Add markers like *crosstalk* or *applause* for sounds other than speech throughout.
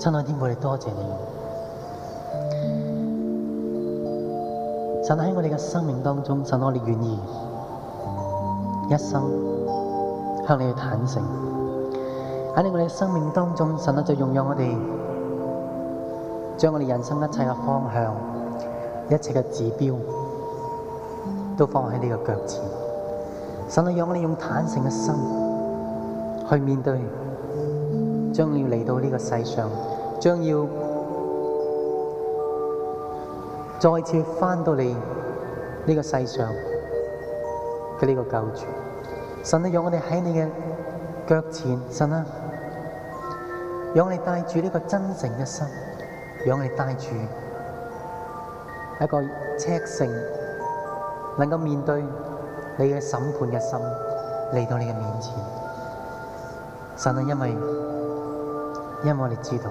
親愛的天父，多謝你，神喺我哋嘅生命當中，神我哋願意一生向你去坦誠。喺你我哋嘅生命當中，神就擁有我哋，將我哋人生一切嘅方向、一切嘅指標，都放喺你嘅腳前。神就讓我哋用坦誠嘅心去面對，將要嚟到呢個世上。將要再次翻到你呢個世上嘅呢個救主，神啊，讓我哋喺你嘅腳前，神啊，讓我哋帶住呢個真誠嘅心，讓我哋帶住一個赤誠，能夠面對你嘅審判嘅心嚟到你嘅面前，神啊，因為因為我哋知道。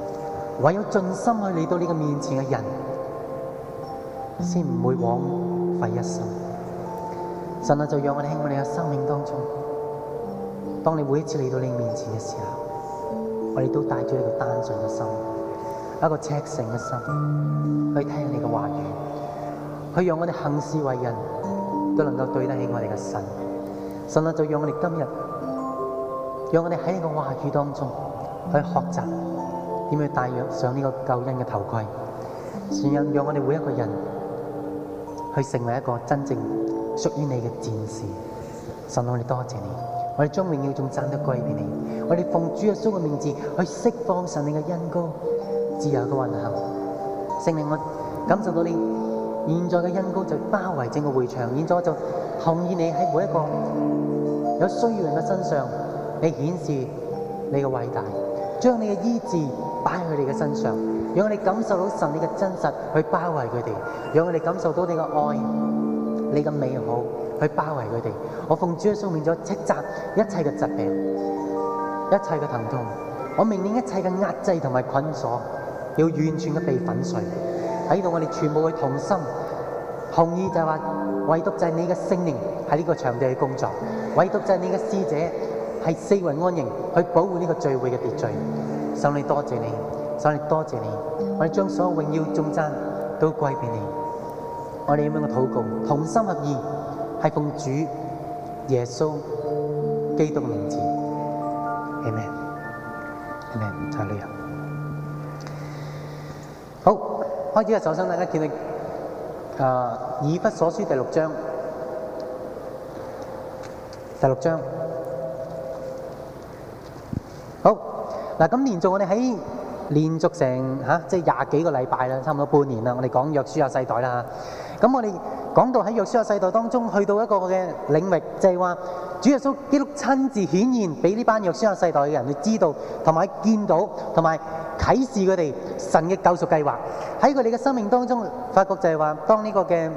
唯有盡心去嚟到呢個面前嘅人，先唔會枉費一生。神啊，就讓我哋喺我哋嘅生命當中，當你每一次嚟到你面前嘅時候，我哋都帶住一個單純嘅心，一個赤誠嘅心，去聽你嘅話語，去讓我哋行事為人都能夠對得起我哋嘅神。神啊，就讓我哋今日，讓我哋喺你嘅話語當中去學習。點樣去戴約上呢個救恩嘅頭盔，使讓讓我哋每一個人去成為一個真正屬於你嘅戰士。神，我哋多謝，謝你，我哋將榮耀仲讚得歸俾你。我哋奉主耶穌嘅名字去釋放神你嘅恩膏，自由嘅運行，聖靈，我感受到你現在嘅恩膏就包圍整個會場。現在我就同意你喺每一個有需要人嘅身上，你顯示你嘅偉大，將你嘅醫治。擺喺佢哋嘅身上，讓我哋感受到神你嘅真實去包圍佢哋，讓我哋感受到你嘅愛，你嘅美好去包圍佢哋。我奉主而消滅咗斥責一切嘅疾病，一切嘅疼痛。我命令一切嘅壓制同埋捆鎖要完全嘅被粉碎。喺度我哋全部嘅同心同意就係話，唯獨就係你嘅聖靈喺呢個場地去工作，唯獨就係你嘅使者係四圍安營去保護呢個聚會嘅秩序。神，你多謝你，神你多謝你，我哋將所有榮耀頌讚都歸俾你。我哋點樣嘅禱告，同心合意，係奉主耶穌基督嘅名字，Amen，Amen。就係呢樣。好，開始嘅手心大家見到啊，以弗所書第六章，第六章。嗱，咁連續我哋喺連續成嚇、啊，即係廿幾個禮拜啦，差唔多半年啦。我哋講約書亞世代啦咁、啊、我哋講到喺約書亞世代當中，去到一個嘅領域，就係、是、話主耶穌基督親自顯現，俾呢班約書亞世代嘅人去知道同埋見到同埋啟示佢哋神嘅救贖計劃，喺佢哋嘅生命當中發覺就係話，當呢個嘅。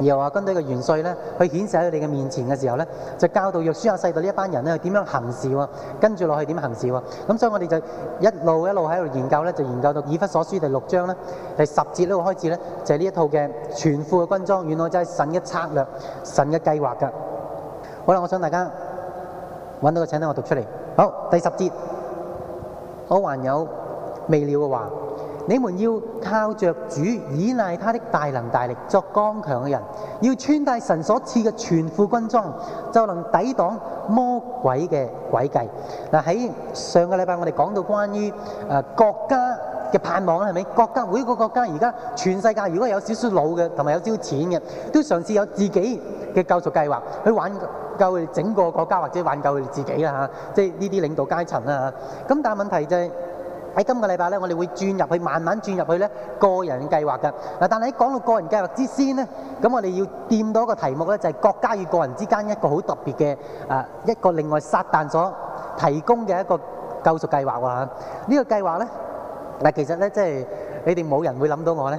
又話軍隊嘅元帥咧，去顯示喺佢哋嘅面前嘅時候咧，就教導約書亞世代呢一班人咧，點樣行事喎？跟住落去點行事喎？咁所以，我哋就一路一路喺度研究咧，就研究到以弗所書第六章咧，第十節呢個開始咧，就係、是、呢一套嘅全副嘅軍裝，原來就係神嘅策略、神嘅計劃㗎。好啦，我想大家揾到個請聽我讀出嚟。好，第十節，我還有末了嘅話。你們要靠着主，倚賴他的大能大力，作剛強嘅人，要穿戴神所賜嘅全副軍裝，就能抵擋魔鬼嘅詭計。嗱、啊、喺上個禮拜我哋講到關於誒國家嘅盼望啦，係、呃、咪？國家，是是國家，每嗰個國家而家全世界，如果有少少老嘅同埋有少少錢嘅，都嘗試有自己嘅救贖計劃去挽救整個國家或者挽救佢哋自己啦嚇、啊，即係呢啲領導階層啦嚇。咁、啊、但係問題就係、是。喺今個禮拜咧，我哋會轉入去，慢慢轉入去咧個人計劃嘅。嗱，但係喺講到個人計劃之先咧，咁我哋要掂到一個題目咧，就係國家與個人之間一個好特別嘅啊一個另外撒旦所提供嘅一個救贖計劃喎。呢個計劃咧，嗱，其實咧即係你哋冇人會諗到我咧，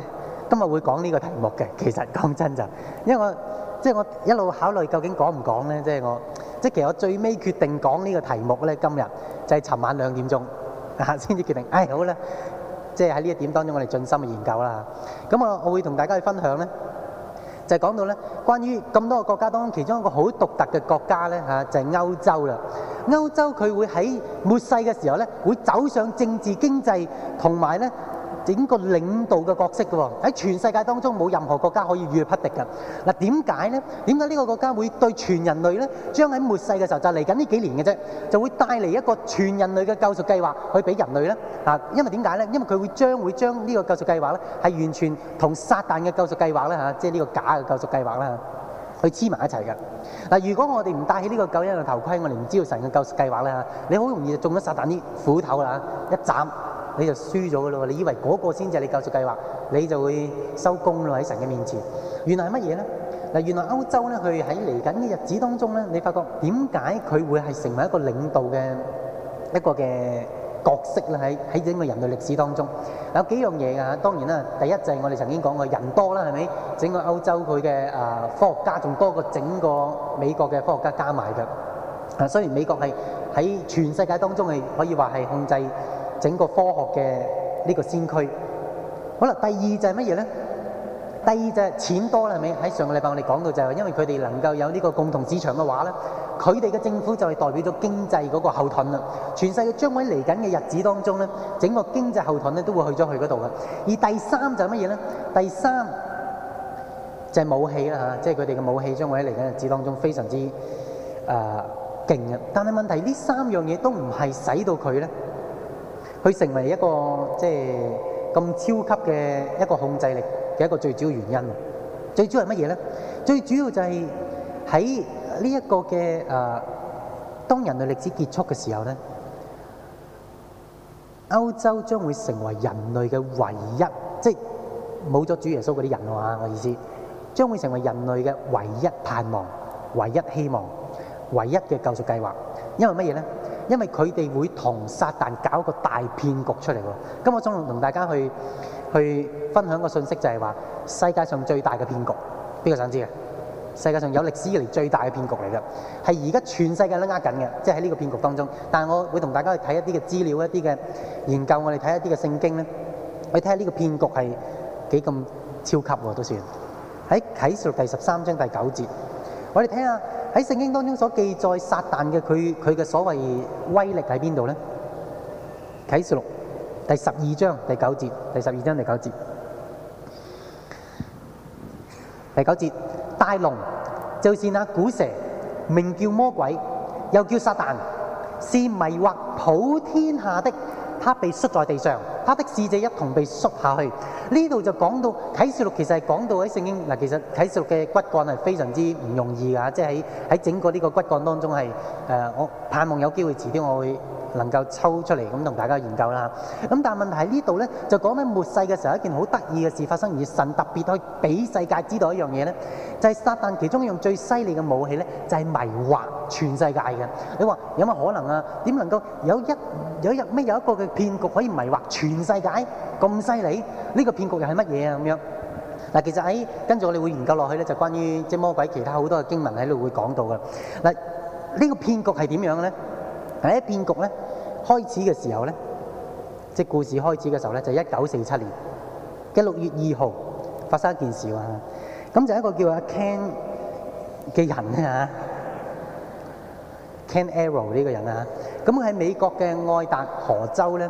今日會講呢個題目嘅。其實講真就因為我即係我一路考慮究竟講唔講咧，即係我即係其實我最尾決定講呢個題目咧，今日就係尋晚兩點鐘。啊！先至決定，唉，好啦，即係喺呢一點當中，我哋盡心去研究啦。咁我我會同大家去分享咧，就係講到咧，關於咁多個國家當中，其中一個好獨特嘅國家咧，吓就係歐洲啦。歐洲佢會喺末世嘅時候咧，會走上政治經濟同埋咧，整個領導嘅角色嘅喎，喺全世界當中冇任何國家可以與佢匹敵嘅。嗱，點解呢？點解呢個國家會對全人類呢？將喺末世嘅時候就嚟緊呢幾年嘅啫，就會帶嚟一個全人類嘅救贖計劃去俾人類呢？啊，因為點解呢？因為佢會將會將呢個救贖計劃呢，係完全同撒旦嘅救贖計劃呢，嚇、啊，即係呢個假嘅救贖計劃啦、啊，去黐埋一齊嘅。嗱、啊，如果我哋唔戴起呢個救恩嘅頭盔，我哋唔知道神嘅救贖計劃呢。嚇、啊，你好容易就中咗撒旦啲斧頭啦，一斬。你就輸咗嘅咯喎！你以為嗰個先至係你救世計劃，你就會收工咯，喺神嘅面前。原來係乜嘢呢？嗱，原來歐洲咧，佢喺嚟緊嘅日子當中咧，你發覺點解佢會係成為一個領導嘅一個嘅角色咧？喺喺整個人類歷史當中，有幾樣嘢㗎。當然啦，第一就係我哋曾經講過，人多啦，係咪？整個歐洲佢嘅啊科學家仲多過整個美國嘅科學家加埋嘅。啊，雖然美國係喺全世界當中係可以話係控制。整個科學嘅呢個先驅，好啦，第二就係乜嘢咧？第二就係錢多啦，係咪？喺上個禮拜我哋講到就係因為佢哋能夠有呢個共同市場嘅話咧，佢哋嘅政府就係代表咗經濟嗰個後盾啦。全世界將會嚟緊嘅日子當中咧，整個經濟後盾咧都會去咗佢嗰度嘅。而第三就係乜嘢咧？第三就係武器啦嚇，即係佢哋嘅武器將會喺嚟緊日子當中非常之誒勁嘅。但係問題呢三樣嘢都唔係使到佢咧。佢成為一個即係咁超級嘅一個控制力嘅一個最主要原因。最主要係乜嘢咧？最主要就係喺呢一個嘅誒、呃，當人類歷史結束嘅時候咧，歐洲將會成為人類嘅唯一，即係冇咗主耶穌嗰啲人啊嘛，我意思將會成為人類嘅唯一盼望、唯一希望、唯一嘅救贖計劃。因為乜嘢咧？因為佢哋會同撒旦搞一個大騙局出嚟喎，咁我想同大家去去分享個信息，就係話世界上最大嘅騙局，邊個想知嘅？世界上有歷史以嚟最大嘅騙局嚟嘅，係而家全世界都呃緊嘅，即係喺呢個騙局當中。但係我會同大家去睇一啲嘅資料，一啲嘅研究，我哋睇一啲嘅聖經咧，去睇下呢個騙局係幾咁超級喎，都算喺啟示錄第十三章第九節，我哋睇下。喺聖經當中所記載撒但嘅，佢佢嘅所謂威力喺邊度咧？啟示錄第十二章第九節，第十二章第九節，第九節大龍就是那古蛇，名叫魔鬼，又叫撒但，是迷惑普天下的。他被摔在地上。他的使者一同被縮下去。呢度就講到啟示錄，其實係講到喺聖經嗱，其實啟示錄嘅骨幹係非常之唔容易㗎，即係喺喺整個呢個骨幹當中係誒，我盼望有機會遲啲我會能夠抽出嚟咁同大家研究啦。咁但係問題係呢度咧，就講緊末世嘅時候一件好得意嘅事發生，而神特別去俾世界知道一樣嘢咧，就係撒旦其中一樣最犀利嘅武器咧，就係迷惑全世界嘅。你話有乜可能啊？點能夠有一有一咩有一個嘅騙局可以迷惑全？全世界咁犀利，呢個騙局又係乜嘢啊？咁樣嗱，其實喺跟住我哋會研究落去咧，就關於即係魔鬼其他好多嘅經文喺度會講到噶。嗱，呢個騙局係點樣嘅咧？嗱，呢騙局咧，開始嘅時候咧，即係故事開始嘅時候咧，就一九四七年嘅六月二號發生一件事啊。咁就一個叫阿 Ken 嘅人咧嚇，Ken Arrow 呢個人啊，咁喺美國嘅愛達荷州咧。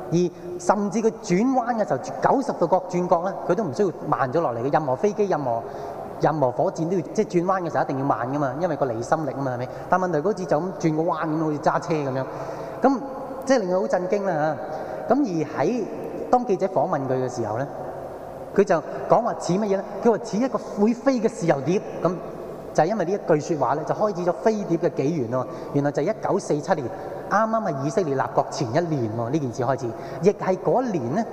而甚至佢轉彎嘅時候，九十度角轉角咧，佢都唔需要慢咗落嚟嘅。任何飛機、任何任何火箭都要，即係轉彎嘅時候一定要慢㗎嘛，因為個離心力啊嘛，係咪？但問題好似就咁轉個彎咁，好似揸車咁樣，咁即係令佢好震驚啦嚇。咁而喺當記者訪問佢嘅時候咧，佢就講話似乜嘢咧？佢話似一個會飛嘅豉油碟，咁就係因為呢一句説話咧，就開始咗飛碟嘅紀元喎。原來就係一九四七年。啱啱係以色列立國前一年喎、啊，呢件事開始，亦係嗰一年呢，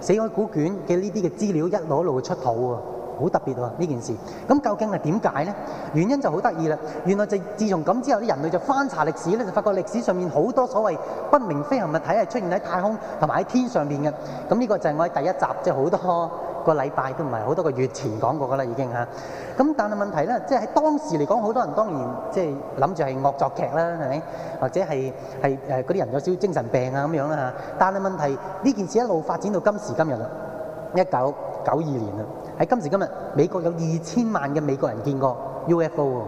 死海古卷嘅呢啲嘅資料一路一路出土喎、啊，好特別喎、啊、呢件事。咁究竟係點解呢？原因就好得意啦，原來就自從咁之後，啲人類就翻查歷史咧，就發覺歷史上面好多所謂不明飛行物體係出現喺太空同埋喺天上面嘅。咁呢個就係我喺第一集即係好多個禮拜都唔係好多個月前講過噶啦，已經嚇。咁但係問題呢，即係喺當時嚟講，好多人當然即係諗住係惡作劇啦，係咪？或者係係誒嗰啲人有少少精神病啊咁樣啦嚇。但係問題呢件事一路發展到今時今日啦，一九九二年啦，喺今時今日，美國有二千萬嘅美國人見過 UFO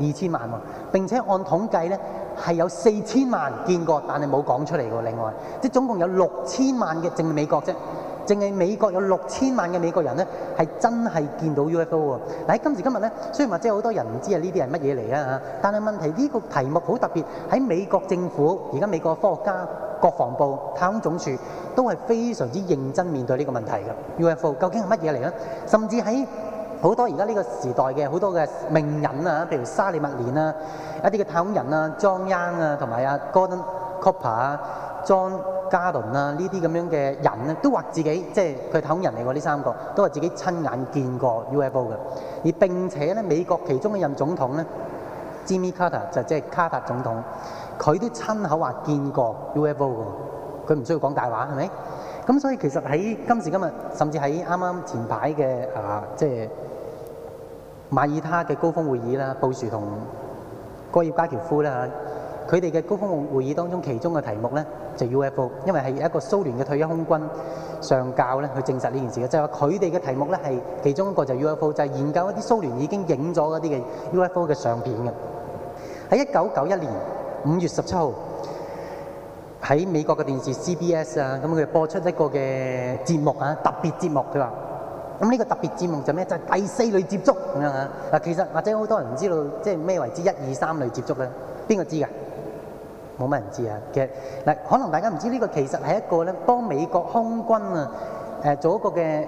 二千萬喎、啊。並且按統計呢，係有四千萬見過，但係冇講出嚟嘅。另外，即係總共有六千萬嘅淨美國啫。淨係美國有六千萬嘅美國人咧，係真係見到 UFO 喎！喺今時今日咧，雖然話即係好多人唔知啊，呢啲係乜嘢嚟啊嚇，但係問題呢個題目好特別，喺美國政府而家美國科學家、國防部、太空總署都係非常之認真面對呢個問題嘅。UFO 究竟係乜嘢嚟咧？甚至喺好多而家呢個時代嘅好多嘅名人啊，譬如沙利麥連啊，一啲嘅太空人啊，莊央啊，同埋啊 Gordon Cooper 啊，John，嘉頓啦，呢啲咁樣嘅人咧，都話自己即係佢係人嚟嘅，呢三個都話自己親眼見過 UFO 嘅，而並且咧，美國其中一任總統咧，Jimmy Carter 就即係卡特總統，佢都親口話見過 UFO 嘅，佢唔需要講大話，係咪？咁所以其實喺今時今日，甚至喺啱啱前排嘅啊，即係馬耳他嘅高峰會議啦，布殊同戈爾巴喬夫啦嚇，佢哋嘅高峰會議當中，其中嘅題目咧。就 UFO，因為係一個蘇聯嘅退休空軍上校咧，去證實呢件事嘅，就係話佢哋嘅題目咧係其中一個就 UFO，就係研究一啲蘇聯已經影咗嗰啲嘅 UFO 嘅相片嘅。喺一九九一年五月十七號，喺美國嘅電視 CBS 啊，咁佢播出一個嘅節目啊，特別節目。佢話，咁呢個特別節目就咩？就係第四類接觸咁樣嚇。嗱，其實或者好多人唔知道，即係咩為之一、二、三類接觸咧？邊個知㗎？冇乜人知啊，其實，嗱，可能大家唔知呢個其實係一個咧幫美國空軍啊，誒做一個嘅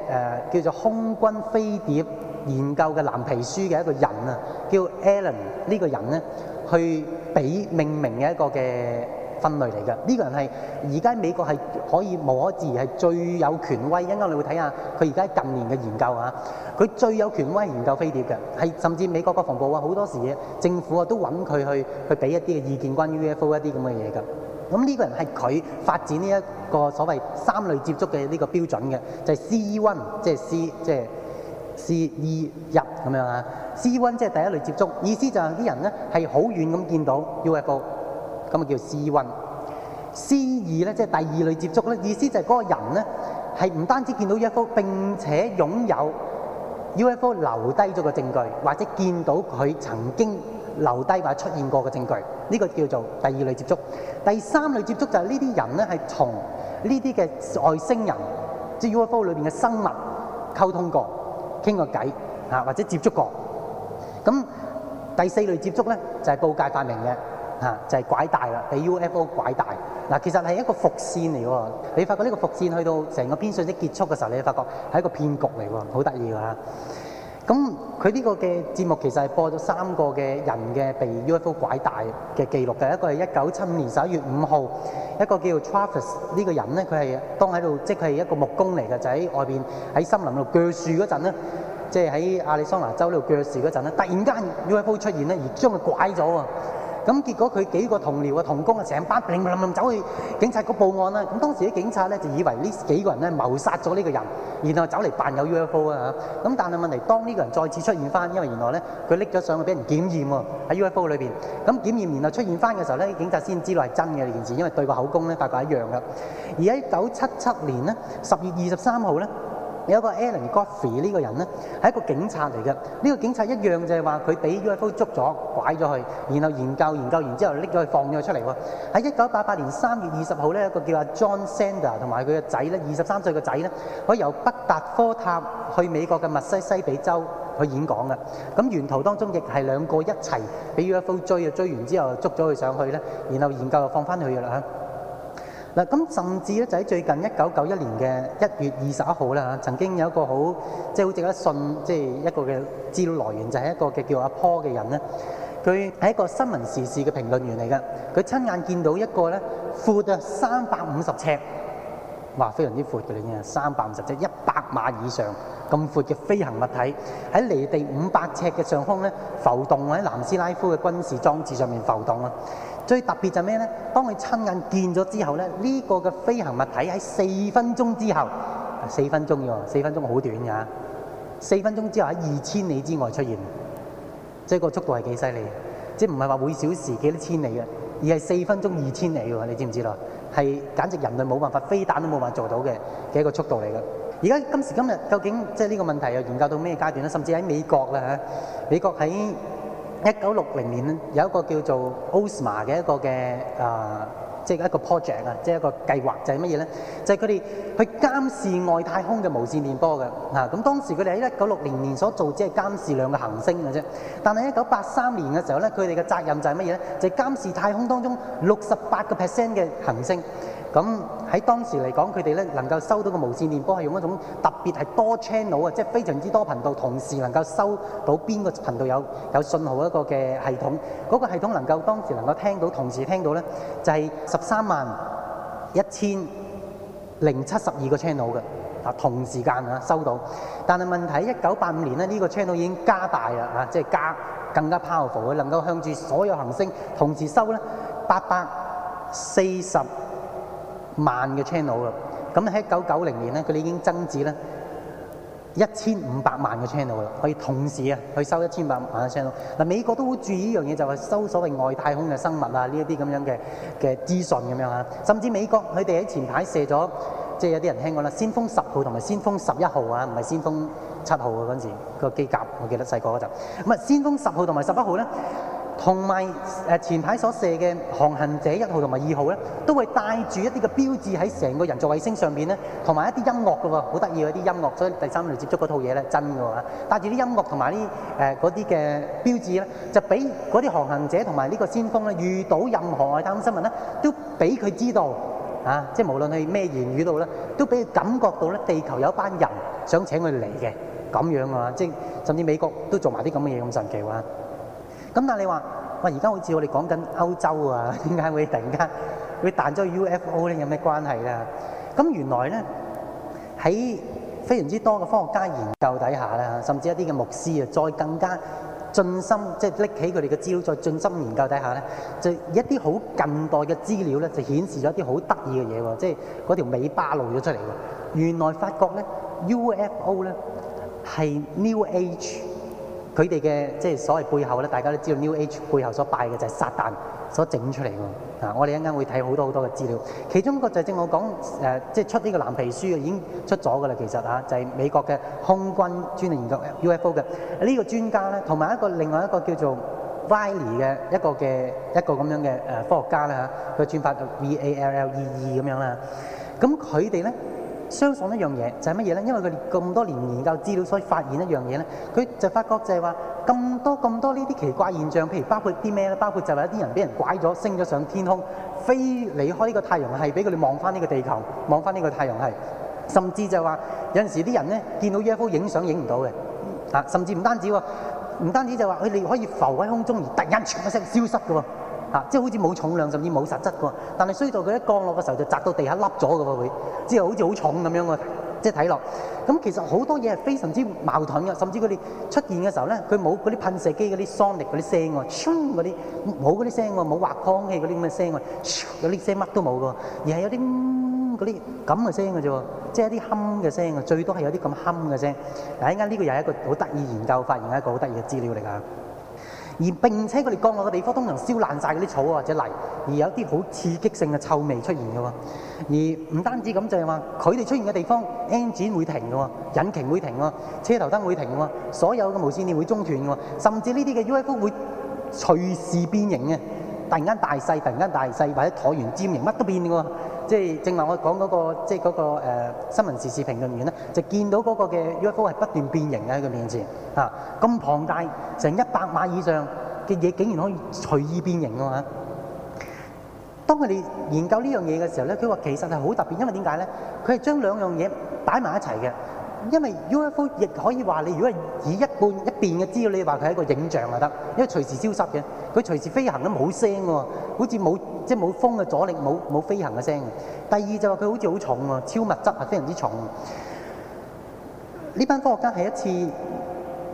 誒叫做空軍飛碟研究嘅藍皮書嘅一個人啊，叫 Alan 呢個人咧，去俾命名嘅一個嘅分類嚟㗎，呢個人係而家美國係可以無可置疑係最有權威，陣間你會睇下佢而家近年嘅研究啊。佢最有權威研究飛碟嘅，係甚至美國國防部啊，好多時政府啊都揾佢去去俾一啲嘅意見關於 UFO 一啲咁嘅嘢㗎。咁呢個人係佢發展呢一個所謂三類接觸嘅呢個標準嘅，就係 CE 一，即係 C 即係 C 一咁樣啊。C 一即係第一類接觸，意思就係啲人呢係好遠咁見到 UFO。咁啊叫 C 一，C 二咧，即係第二類接觸咧。意思就係嗰個人咧係唔單止見到 UFO，並且擁有 UFO 留低咗個證據，或者見到佢曾經留低或者出現過嘅證據。呢個叫做第二類接觸。第三類接觸就係呢啲人咧係同呢啲嘅外星人，即係 UFO 裏邊嘅生物溝通過、傾過偈啊，或者接觸過。咁第四類接觸咧就係報界發明嘅。嚇、啊、就係、是、拐大啦，被 UFO 拐大嗱、啊。其實係一個伏線嚟喎。你發覺呢個伏線去到成個篇訊息結束嘅時候，你發覺係一個騙局嚟喎，好得意㗎。咁佢呢個嘅節目其實係播咗三個嘅人嘅被 UFO 拐大嘅記錄嘅，一個係一九七五年十一月五號，一個叫 Travis 呢個人咧，佢係當喺度，即係一個木工嚟嘅，就喺、是、外邊喺森林度鋸樹嗰陣咧，即係喺亞利桑那州呢度鋸樹嗰陣咧，突然間 UFO 出現咧，而將佢拐咗喎。咁結果佢幾個同僚啊同工啊，成班唪唪唥走去警察局報案啦。咁當時啲警察咧就以為呢幾個人咧謀殺咗呢個人，然後走嚟扮有 UFO 啊嚇。咁但係問題，當呢個人再次出現翻，因為原來咧佢拎咗上去俾人檢驗喎，喺 UFO 裏邊。咁檢驗然後出現翻嘅時候咧，警察先知道係真嘅呢件事，因為對個口供咧發覺一樣噶。而喺一九七七年咧，十月二十三號咧。有一個 Alan Godfrey 呢個人呢，係一個警察嚟嘅。呢、呢個警察一樣就係話佢俾 UFO 捉咗，拐咗佢，然後研究研究完之後拎咗佢放咗出嚟喎。喺一九八八年三月二十號呢，一個叫阿 John Sander 同埋佢嘅仔呢，二十三歲嘅仔呢，可以由北達科塔去美國嘅密西西比州去演講嘅。咁沿途當中亦係兩個一齊俾 UFO 追啊，追完之後捉咗佢上去呢，然後研究又放翻佢㗎啦。嗱，咁甚至咧就喺最近一九九一年嘅一月二十一號啦，曾經有一個好即係好值得信，即係一個嘅資料來源就係一個嘅叫阿 Paul 嘅人咧，佢係一個新聞時事嘅評論員嚟嘅，佢親眼見到一個咧闊到三百五十尺，哇，非常之闊嘅嘢，三百五十尺，一百碼以上咁闊嘅飛行物體喺離地五百尺嘅上空咧浮動，喺南斯拉夫嘅軍事裝置上面浮動啦。最特別就係咩咧？當佢親眼見咗之後咧，呢個嘅飛行物體喺四分鐘之後，四分鐘喎，四分鐘好短㗎，四分鐘之後喺二千里之外出現，即係個速度係幾犀利，即係唔係話每小時幾多千里嘅，而係四分鐘二千里喎，你知唔知咯？係簡直人類冇辦法，飛彈都冇辦法做到嘅嘅一個速度嚟㗎。而家今時今日究竟即係呢個問題又研究到咩階段咧？甚至喺美國啦嚇，美國喺。一九六零年咧，有一個叫做 OSMA 嘅一個嘅啊、呃，即係一個 project 啊，即係一個計劃就是什麼呢，就係乜嘢咧？就係佢哋去監視外太空嘅無線電波嘅嚇。咁、啊、當時佢哋喺一九六零年所做只係監視兩個行星嘅啫。但係一九八三年嘅時候咧，佢哋嘅責任就係乜嘢咧？就係、是、監視太空當中六十八個 percent 嘅行星。咁喺當時嚟講，佢哋咧能夠收到個無線電波係用一種特別係多 channel 啊，即係非常之多頻道，同時能夠收到邊個頻道有有信號一個嘅系統，嗰個系統能夠當時能夠聽到，同時聽到呢就係十三萬一千零七十二個 channel 嘅啊，同時間啊收到。但係問題，一九八五年呢，呢個 channel 已經加大啦啊，即係加更加 powerful，能夠向住所有行星同時收呢八百四十。萬嘅 channel 啦，咁喺一九九零年咧，佢哋已經增至咧一千五百萬嘅 channel 啦，可以同時啊去收一千五百萬嘅 channel。嗱，美國都好注意呢樣嘢，就係、是、收所謂外太空嘅生物啊，呢一啲咁樣嘅嘅資訊咁樣啊。甚至美國佢哋喺前排射咗，即、就、係、是、有啲人聽講啦，先鋒十號同埋先鋒十一號啊，唔係先鋒七號啊嗰陣時個機甲，我記得細個嗰陣。咁啊，先鋒十號同埋十一號咧。同埋誒前排所射嘅航行者一號同埋二號咧，都會帶住一啲嘅標誌喺成個人造衛星上邊咧，同埋一啲音樂㗎喎，好得意嗰啲音樂，所以第三類接觸嗰套嘢咧，真㗎喎，帶住啲音樂同埋啲誒啲嘅標誌咧，就俾嗰啲航行者同埋呢個先鋒咧，遇到任何外太空生物咧，都俾佢知道啊，即係無論係咩言語度咧，都俾佢感覺到咧，地球有一班人想請佢嚟嘅，咁樣啊，即係甚至美國都做埋啲咁嘅嘢咁神奇啊！咁但係你話，喂，而家好似我哋講緊歐洲啊，點解會突然間會彈咗 UFO 咧？有咩關係咧？咁原來咧，喺非常之多嘅科學家研究底下咧，甚至一啲嘅牧師啊，再更加盡心，即係拎起佢哋嘅資料再盡心研究底下咧，就一啲好近代嘅資料咧，就顯示咗一啲好得意嘅嘢喎，即係嗰條尾巴露咗出嚟喎。原來發覺咧 UFO 咧係 New Age。佢哋嘅即係所謂背後咧，大家都知道 New Age 背後所拜嘅就係撒旦所整出嚟㗎。嗱，我哋一陣間會睇好多好多嘅資料，其中一個就正我講誒，即係出呢個藍皮書嘅已經出咗㗎啦。其實嚇就係美國嘅空軍專門研究 UFO 嘅呢個專家咧，同埋一個另外一個叫做 Wylie 嘅一個嘅一個咁樣嘅誒科學家啦嚇，佢轉發嘅 V A L L E E 咁樣啦，咁佢哋咧。相信一樣嘢就係乜嘢咧？因為佢哋咁多年研究資料，所以發現一樣嘢咧，佢就發覺就係話咁多咁多呢啲奇怪現象，譬如包括啲咩咧？包括就係一啲人俾人拐咗，升咗上天空，飛離開呢個太陽系，俾佢哋望翻呢個地球，望翻呢個太陽系，甚至就係話有陣時啲人咧見到 UFO 影相影唔到嘅，啊，甚至唔單止喎，唔單止就係話佢哋可以浮喺空中，而突然一聲消失嘅喎。啊！即係好似冇重量，甚至冇實質嘅喎。但係衰到佢一降落嘅時候，就砸到地下凹咗嘅喎，會之後好似好重咁樣嘅。即係睇落，咁其實好多嘢係非常之矛盾嘅。甚至佢哋出現嘅時候咧，佢冇嗰啲噴射機嗰啲 sonic 聲，嗰啲聲啲冇嗰啲聲㗎，冇挖礦器嗰啲咁嘅聲㗎，嗰啲聲乜都冇嘅，而係有啲嗰啲咁嘅聲嘅啫。即係一啲冚嘅聲嘅，最多係有啲咁冚嘅聲。但係呢個又係一個好得意研究發現，係一個好得意嘅資料嚟㗎。而並且佢哋降落嘅地方通常燒爛晒嗰啲草啊，或者泥，而有啲好刺激性嘅臭味出現嘅喎。而唔單止咁就係話，佢哋出現嘅地方 engine 會停嘅喎，引擎會停喎，車頭燈會停喎，所有嘅無線電會中斷嘅喎，甚至呢啲嘅 UFO 會隨時變形嘅，突然間大細，突然間大細，或者橢圓尖形，乜都變嘅喎。即係正話我講嗰個即係嗰個誒新聞時事評論員咧，就見到嗰個嘅 UFO 係不斷變形喺佢面前啊！咁龐大成一百碼以上嘅嘢，竟然可以隨意變形㗎嘛？當佢哋研究呢樣嘢嘅時候咧，佢話其實係好特別，因為點解咧？佢係將兩樣嘢擺埋一齊嘅。因為 UFO 亦可以話你，如果係以一半一邊嘅資料，你話佢係一個影像啊得，因為隨時消失嘅，佢隨時飛行都冇聲喎，好似冇即係冇風嘅阻力，冇冇飛行嘅聲。第二就話佢好似好重喎，超物質係非常之重。呢班科學家喺一次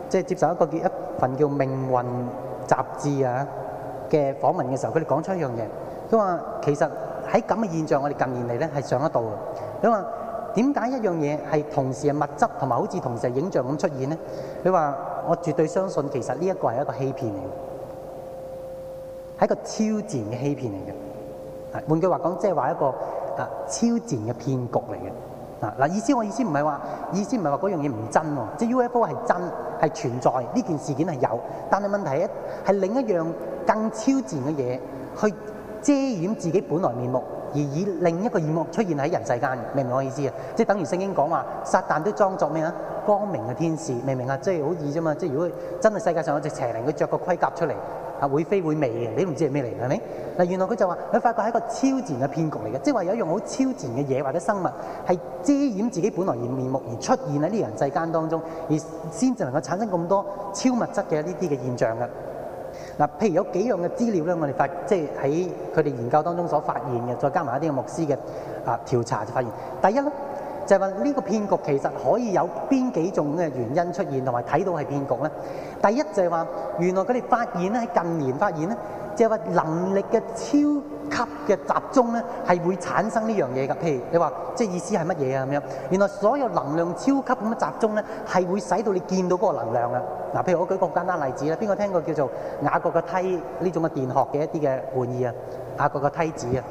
即係接受一個叫一份叫《命運》雜誌啊嘅訪問嘅時候，佢哋講出一樣嘢，佢話其實喺咁嘅現象，我哋近年嚟咧係上得到嘅。佢話？點解一樣嘢係同時係物質同埋好似同時係影像咁出現咧？你話我絕對相信，其實呢一個係一個欺騙嚟嘅，係一個超自然嘅欺騙嚟嘅。啊，換句話講，即係話一個啊超自然嘅騙局嚟嘅。啊嗱、啊，意思我意思唔係話，意思唔係話嗰樣嘢唔真喎，啊，即係 UFO 係真係存在，呢件事件係有，但係問題係係另一樣更超自然嘅嘢去遮掩自己本來面目。而以另一個面目出現喺人世間，明唔明我意思啊？即係等於聖經講話，撒旦都裝作咩啊？光明嘅天使，明唔明啊？即係好易啫嘛。即係如果真係世界上有隻邪靈，佢着個盔甲出嚟，啊會飛會飛嘅，你都唔知係咩嚟嘅咧。嗱，原來佢就話，佢發覺係一個超自然嘅騙局嚟嘅，即係話有一樣好超自然嘅嘢或者生物，係遮掩自己本來面面目而出現喺呢人世間當中，而先至能夠產生咁多超物質嘅呢啲嘅現象嘅。嗱，譬如有幾樣嘅資料咧，我哋發即係喺佢哋研究當中所發現嘅，再加埋一啲嘅牧師嘅啊調查就發現，第一咧就係話呢個騙局其實可以有邊幾種嘅原因出現，同埋睇到係騙局咧。第一就係話原來佢哋發現咧喺近年發現咧，就係話能力嘅超。級嘅集中咧，係會產生呢樣嘢㗎。譬如你話，即係意思係乜嘢啊？咁樣，原來所有能量超級咁嘅集中咧，係會使到你見到嗰個能量啊。嗱，譬如我舉個好簡單例子啦。邊個聽過叫做雅各嘅梯呢種嘅電學嘅一啲嘅玩意啊？雅各嘅梯子啊，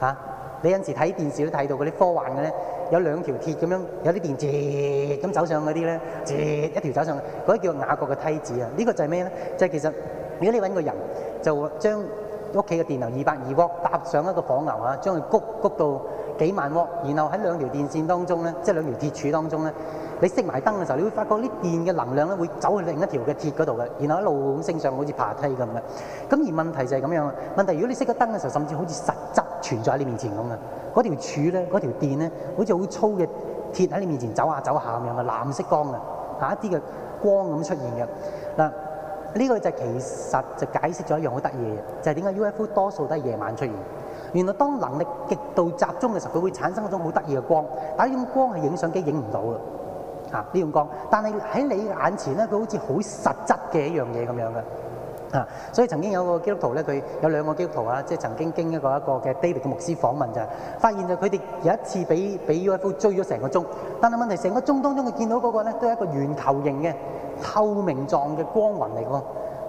嚇！你有陣時睇電視都睇到嗰啲科幻嘅咧，有兩條鐵咁樣，有啲電接咁走上嗰啲咧，接一條走上，嗰啲叫做雅各嘅梯子啊。呢個就係咩咧？即係其實如果你揾個人，就將屋企嘅電流二百二伏，搭上一個火牛啊，將佢谷谷到幾萬伏，然後喺兩條電線當中咧，即係兩條鐵柱當中咧，你熄埋燈嘅時候，你會發覺呢電嘅能量咧會走去另一條嘅鐵嗰度嘅，然後一路咁升上，好似爬梯咁嘅。咁而問題就係咁樣啦。問題如果你熄咗燈嘅時候，甚至好似實質存在喺你面前咁嘅，嗰條柱咧，嗰條電咧，好似好粗嘅鐵喺你面前走下走下咁樣嘅藍色光啊，嘅，一啲嘅光咁出現嘅嗱。呢個就其實解釋了，就解釋咗一樣好得意嘅，就係點解 UFO 多數都係夜晚出現。原來當能力極度集中嘅時候，佢會產生一種好得意嘅光，但係呢種光係影相機影唔到嘅，嚇呢種光。但係喺你眼前咧，佢好似好實質嘅一樣嘢咁樣嘅。啊！所以曾經有個基督徒咧，佢有兩個基督徒啊，即係曾經經一個一個嘅 David 嘅牧師訪問咋，發現就佢哋有一次俾俾 UFO 追咗成個鐘，但係問題成個鐘當中佢見到嗰個咧都係一個圓球形嘅透明狀嘅光雲嚟㗎，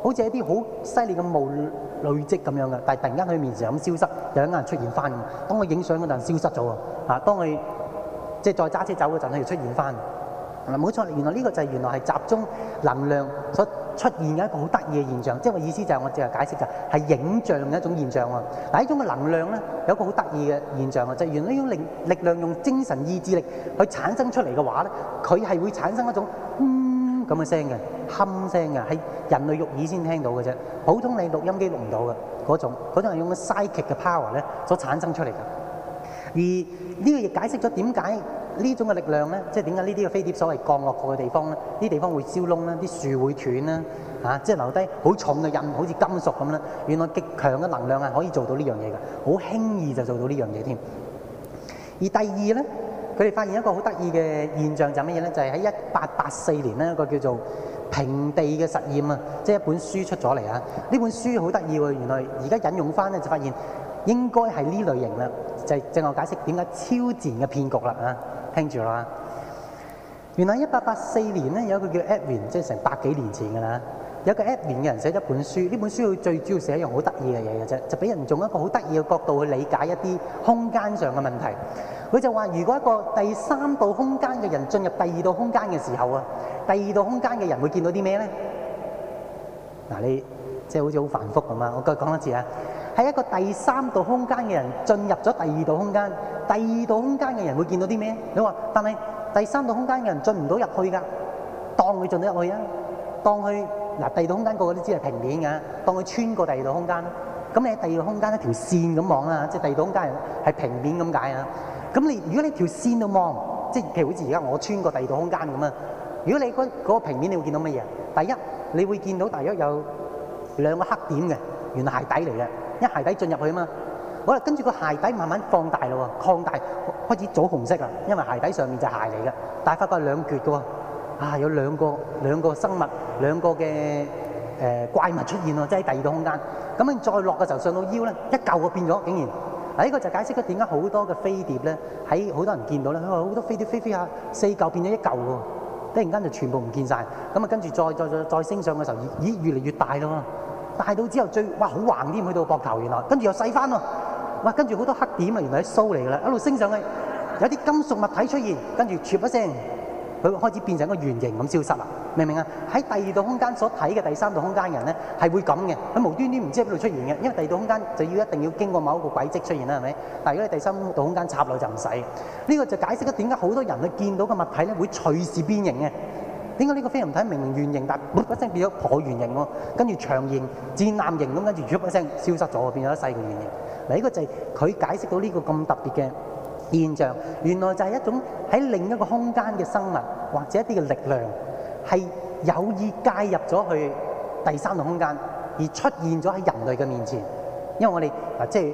好似一啲好犀利嘅霧累積咁樣嘅，但係突然間佢面前咁消失，又一間出現翻咁。當佢影相嗰陣消失咗喎，啊！當佢即係再揸車走嗰陣，佢就出現翻。嗱，冇錯，原來呢個就係原來係集中能量所出現嘅一個好得意嘅現象，即係我意思就係我淨係解釋就係影像嘅一種現象喎。但係呢種嘅能量咧，有一個好得意嘅現象嘅就係，原來呢種力力量用精神意志力去產生出嚟嘅話咧，佢係會產生一種嗯咁嘅聲嘅，哼聲嘅，係人類肉耳先聽到嘅啫，普通你錄音機錄唔到嘅嗰種，嗰種係用個 psychic 嘅 power 咧所產生出嚟嘅。而呢個亦解釋咗點解。呢種嘅力量呢，即係點解呢啲嘅飛碟所謂降落過嘅地方呢？啲地方會燒窿啦，啲樹會斷啦，嚇！即係留低好重嘅印，好似金屬咁啦。原來極強嘅能量啊，可以做到呢樣嘢㗎，好輕易就做到呢樣嘢添。而第二呢，佢哋發現一個好得意嘅現象就係乜嘢呢？就係喺一八八四年呢，一個叫做平地嘅實驗啊，即係一本書出咗嚟啊。呢本書好得意喎，原來而家引用翻呢，就發現應該係呢類型啦。就正我解釋點解超自然嘅騙局啦，嚇、啊！聽住啦。原來一八八四年咧，有一個叫 Edwin，即係成百幾年前㗎啦。有個 Edwin 嘅人寫咗本書，呢本書佢最主要寫一樣好得意嘅嘢嘅啫，就俾人用一個好得意嘅角度去理解一啲空間上嘅問題。佢就話：如果一個第三度空間嘅人進入第二度空間嘅時候啊，第二度空間嘅人會見到啲咩咧？嗱，你即係好似好繁複咁啊！我再講一次啊。係一個第三度空間嘅人進入咗第二度空間，第二度空間嘅人會見到啲咩？你話，但係第三度空間嘅人進唔到入去啊！當佢進得入去啊，當佢嗱，第二度空間個個都知係平面㗎，當佢穿過第二度空間，咁你喺第二度空間一條線咁望啦，即係第二度空間係平面咁解啦。咁你如果你條線都望，即係譬如好似而家我穿過第二度空間咁啊，如果你嗰、嗰個嗰個平面你會見到乜嘢？第一，你會見到大約有兩個黑點嘅，原來係鞋底嚟嘅。一鞋底進入去啊嘛，好啦，跟住個鞋底慢慢放大嘞喎，擴大開始棗紅色啊，因為鞋底上面就鞋嚟嘅，但係發覺兩橛嘅喎，啊有兩個兩個生物兩個嘅誒怪物出現喎，即係第二個空間，咁樣再落嘅時候上到腰咧，一嚿就變咗，竟然，啊呢個就解釋咗點解好多嘅飛碟咧喺好多人見到咧，佢話好多飛碟飛飛下四嚿變咗一嚿喎，突然間就全部唔見晒，咁啊跟住再再再再升上嘅時候，咦越嚟越大咯。大到之後最哇好橫添，去到膊頭原來，跟住又細翻喎，哇跟住好多黑點啊，原來係蘇嚟㗎啦，一路升上去，有啲金屬物體出現，跟住啜一聲，佢開始變成一個圓形咁消失啦，明唔明啊？喺第二度空間所睇嘅第三度空間嘅人咧，係會咁嘅，喺無端端唔知喺邊度出現嘅，因為第二度空間就要一定要經過某一個軌跡出現啦，係咪？但係如果你第三度空間插落就唔使，呢個就解釋咗點解好多人去見到嘅物體咧會隨時變形嘅。點解呢個飛行體明明圓形，但係啵一聲變咗橢圓形喎？跟住長形、戰艦形、橢圓形咁，跟住又一聲消失咗，變咗細個圓形。嗱，呢個就係佢解釋到呢個咁特別嘅現象，原來就係一種喺另一個空間嘅生物或者一啲嘅力量係有意介入咗去第三個空間，而出現咗喺人類嘅面前。因為我哋嗱，即係。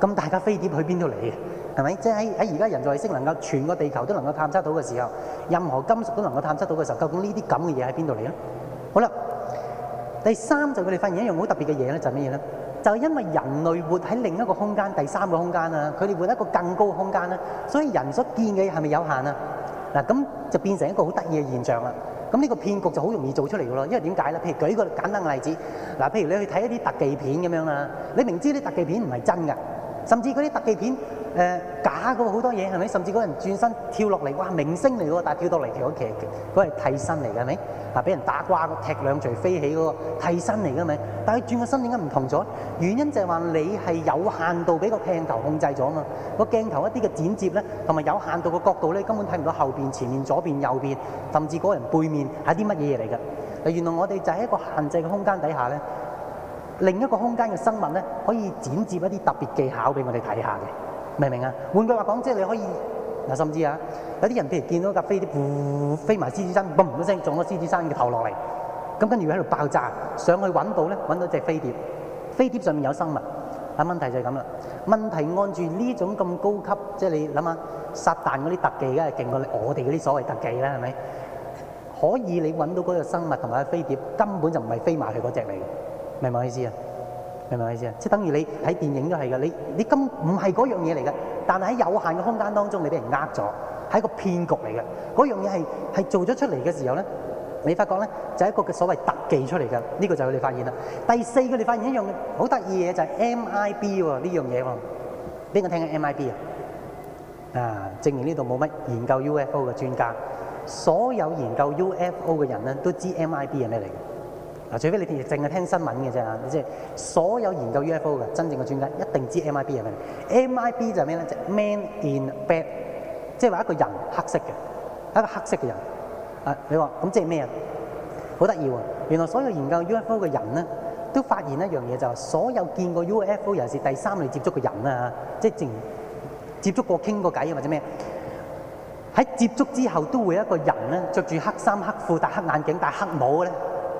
咁大家飛碟去邊度嚟嘅？係咪？即係喺喺而家人造衛星能夠全個地球都能夠探測到嘅時候，任何金屬都能夠探測到嘅時候，究竟呢啲咁嘅嘢喺邊度嚟咧？好啦，第三就佢哋發現一樣好特別嘅嘢咧，就係乜嘢咧？就係、是、因為人類活喺另一個空間，第三個空間啊，佢哋活喺一個更高空間咧、啊，所以人所見嘅係咪有限啊？嗱、啊，咁就變成一個好得意嘅現象啦。咁呢個騙局就好容易做出嚟嘅咯。因為點解咧？譬如舉個簡單嘅例子，嗱，譬如你去睇一啲特技片咁樣啦，你明知啲特技片唔係真嘅。甚至嗰啲特技片，誒、呃、假過好多嘢係咪？甚至嗰人轉身跳落嚟，哇！明星嚟喎，但係跳到嚟，其實佢係替身嚟嘅，係咪？啊，俾人打掛，嗰個、踢兩錘飛起嗰、嗰個替身嚟㗎，係咪？但係轉個身點解唔同咗？原因就係話你係有限度俾個鏡頭控制咗啊嘛。個鏡頭一啲嘅剪接咧，同埋有，有限度嘅角度咧，根本睇唔到後邊、前面、左邊、右邊，甚至嗰人背面係啲乜嘢嚟㗎？就原來我哋就喺一個限制嘅空間底下咧。另一個空間嘅生物咧，可以剪接一啲特別技巧俾我哋睇下嘅，明唔明啊？換句話講，即係你可以嗱，甚至啊，有啲人譬如見到架飛碟，呃、飛埋獅子山，嘣一聲撞咗獅子山嘅頭落嚟，咁跟住喺度爆炸，上去揾到咧，揾到隻飛碟，飛碟上面有生物，但問題就係咁啦。問題按住呢種咁高級，即係你諗下，撒旦嗰啲特技梗係勁過我哋嗰啲所謂特技啦，係咪？可以你揾到嗰個生物同埋個飛碟，根本就唔係飛埋去嗰隻嚟。明唔明我意思啊？明唔明我意思啊？即係等於你睇電影都係㗎，你你今唔係嗰樣嘢嚟㗎，但係喺有限嘅空間當中，你俾人呃咗，係一個騙局嚟㗎。嗰樣嘢係係做咗出嚟嘅時候咧，你發覺咧就係一個嘅所謂特技出嚟㗎。呢個就係你發現啦。第四個你發現一樣嘢好得意嘢，就係 MIB 喎。呢樣嘢喎，邊個聽緊 MIB 啊？啊，證明呢度冇乜研究 UFO 嘅專家。所有研究 UFO 嘅人咧都知 MIB 係咩嚟嘅。嗱，除非你哋淨係聽新聞嘅啫，你即係所有研究 UFO 嘅真正嘅專家一定知 MIB 係咩。MIB 就係咩咧？就係 Man in Black，即係話一個人黑色嘅一個黑色嘅人啊！你話咁即係咩啊？好得意喎！原來所有研究 UFO 嘅人咧，都發現一樣嘢，就係所有見過 UFO 人士第三類接觸嘅人啊，即係接觸過傾過偈，或者咩，喺接觸之後都會有一個人咧，着住黑衫黑褲、戴黑眼鏡、戴黑帽咧。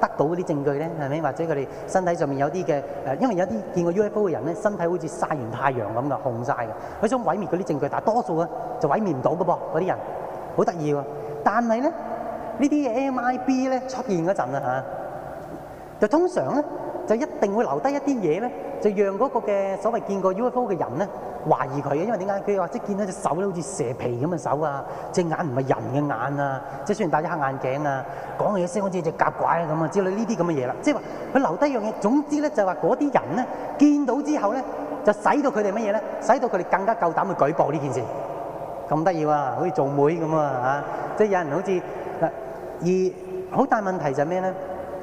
得到嗰啲證據咧，係咪？或者佢哋身體上面有啲嘅誒？因為有啲見過 UFO 嘅人咧，身體好似曬完太陽咁嘅，紅晒嘅。佢想毀滅嗰啲證據，但係多數咧就毀滅唔到嘅噃，嗰啲人好得意喎。但係咧，呢啲 MIB 咧出現嗰陣啊嚇，就通常咧就一定會留低一啲嘢咧。就讓嗰個嘅所謂見過 UFO 嘅人咧懷疑佢，因為點解？佢話即見到隻手咧，好似蛇皮咁嘅手啊，隻眼唔係人嘅眼啊，即雖然戴咗黑眼鏡啊，講嘢聲好似隻甲拐啊咁啊之類呢啲咁嘅嘢啦。即話佢留低樣嘢，總之咧就話嗰啲人咧見到之後咧，就使到佢哋乜嘢咧？使到佢哋更加夠膽去舉報呢件事。咁得意啊，好似做妹咁啊，嚇、啊！即有人好似而好大問題就咩咧？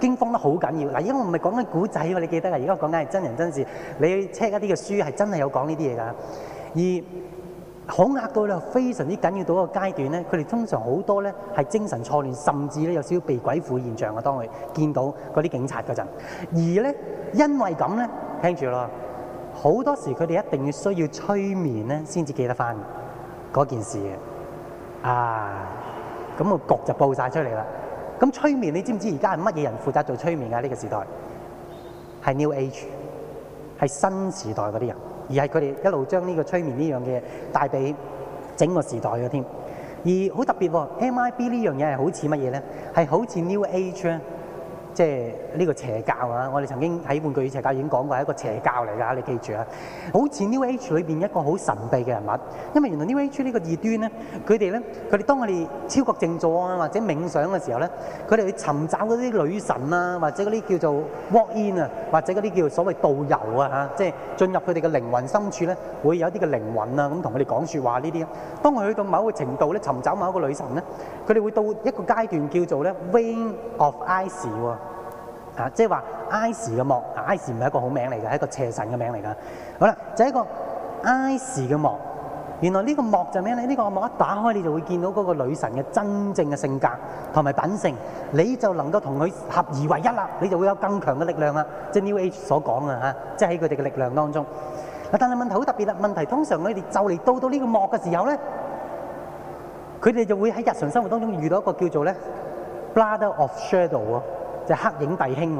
驚慌得好緊要嗱，因為我唔係講緊古仔喎，你記得啦。而家我講緊係真人真事，你 check 一啲嘅書係真係有講呢啲嘢噶。而恐嚇到咧，非常之緊要到一個階段咧，佢哋通常好多咧係精神錯亂，甚至咧有少少被鬼附現象啊。當佢見到嗰啲警察嗰陣，而咧因為咁咧，聽住咯，好多時佢哋一定要需要催眠咧，先至記得翻嗰件事嘅。啊，咁個局就爆晒出嚟啦。咁催眠，你知唔知而家係乜嘢人負責做催眠㗎？呢個時代係 New Age，係新時代嗰啲人，而係佢哋一路將呢個催眠呢樣嘢帶俾整個時代嘅添。而好特別啊，MIB 呢樣嘢係好似乜嘢咧？係好似 New Age 呢。即係呢個邪教啊！我哋曾經喺《玩具與邪教》已經講過係一個邪教嚟㗎，你記住啊！好似 New Age 裏邊一個好神秘嘅人物，因為原來 New Age 呢個異端咧，佢哋咧，佢哋當我哋超覺靜坐啊，或者冥想嘅時候咧，佢哋去尋找嗰啲女神啊，或者嗰啲叫做 Walk In 啊，或者嗰啲叫所謂導遊啊嚇，即係進入佢哋嘅靈魂深處咧，會有一啲嘅靈魂啊咁同佢哋講說話呢啲。當佢去到某個程度咧，尋找某一個女神咧。佢哋會到一個階段叫做咧 Wing of Isis 啊，即係話 Isis 嘅幕、啊、Isis 唔係一個好名嚟嘅，係一個邪神嘅名嚟㗎。好啦，就係、是、一個 Isis 嘅幕，原來呢個幕就咩咧？呢、呢個幕一打開，你就會見到嗰個女神嘅真正嘅性格同埋品性，你就能夠同佢合二為一啦，你就會有更強嘅力量，即係 New 所啊！即係 New Age 所講嘅嚇，即係喺佢哋嘅力量當中。啊、但係問題好特別啦，問題通常佢哋就嚟到到呢個幕嘅時候咧。佢哋就會喺日常生活當中遇到一個叫做咧 Brother of Shadow 喎，就係黑影弟兄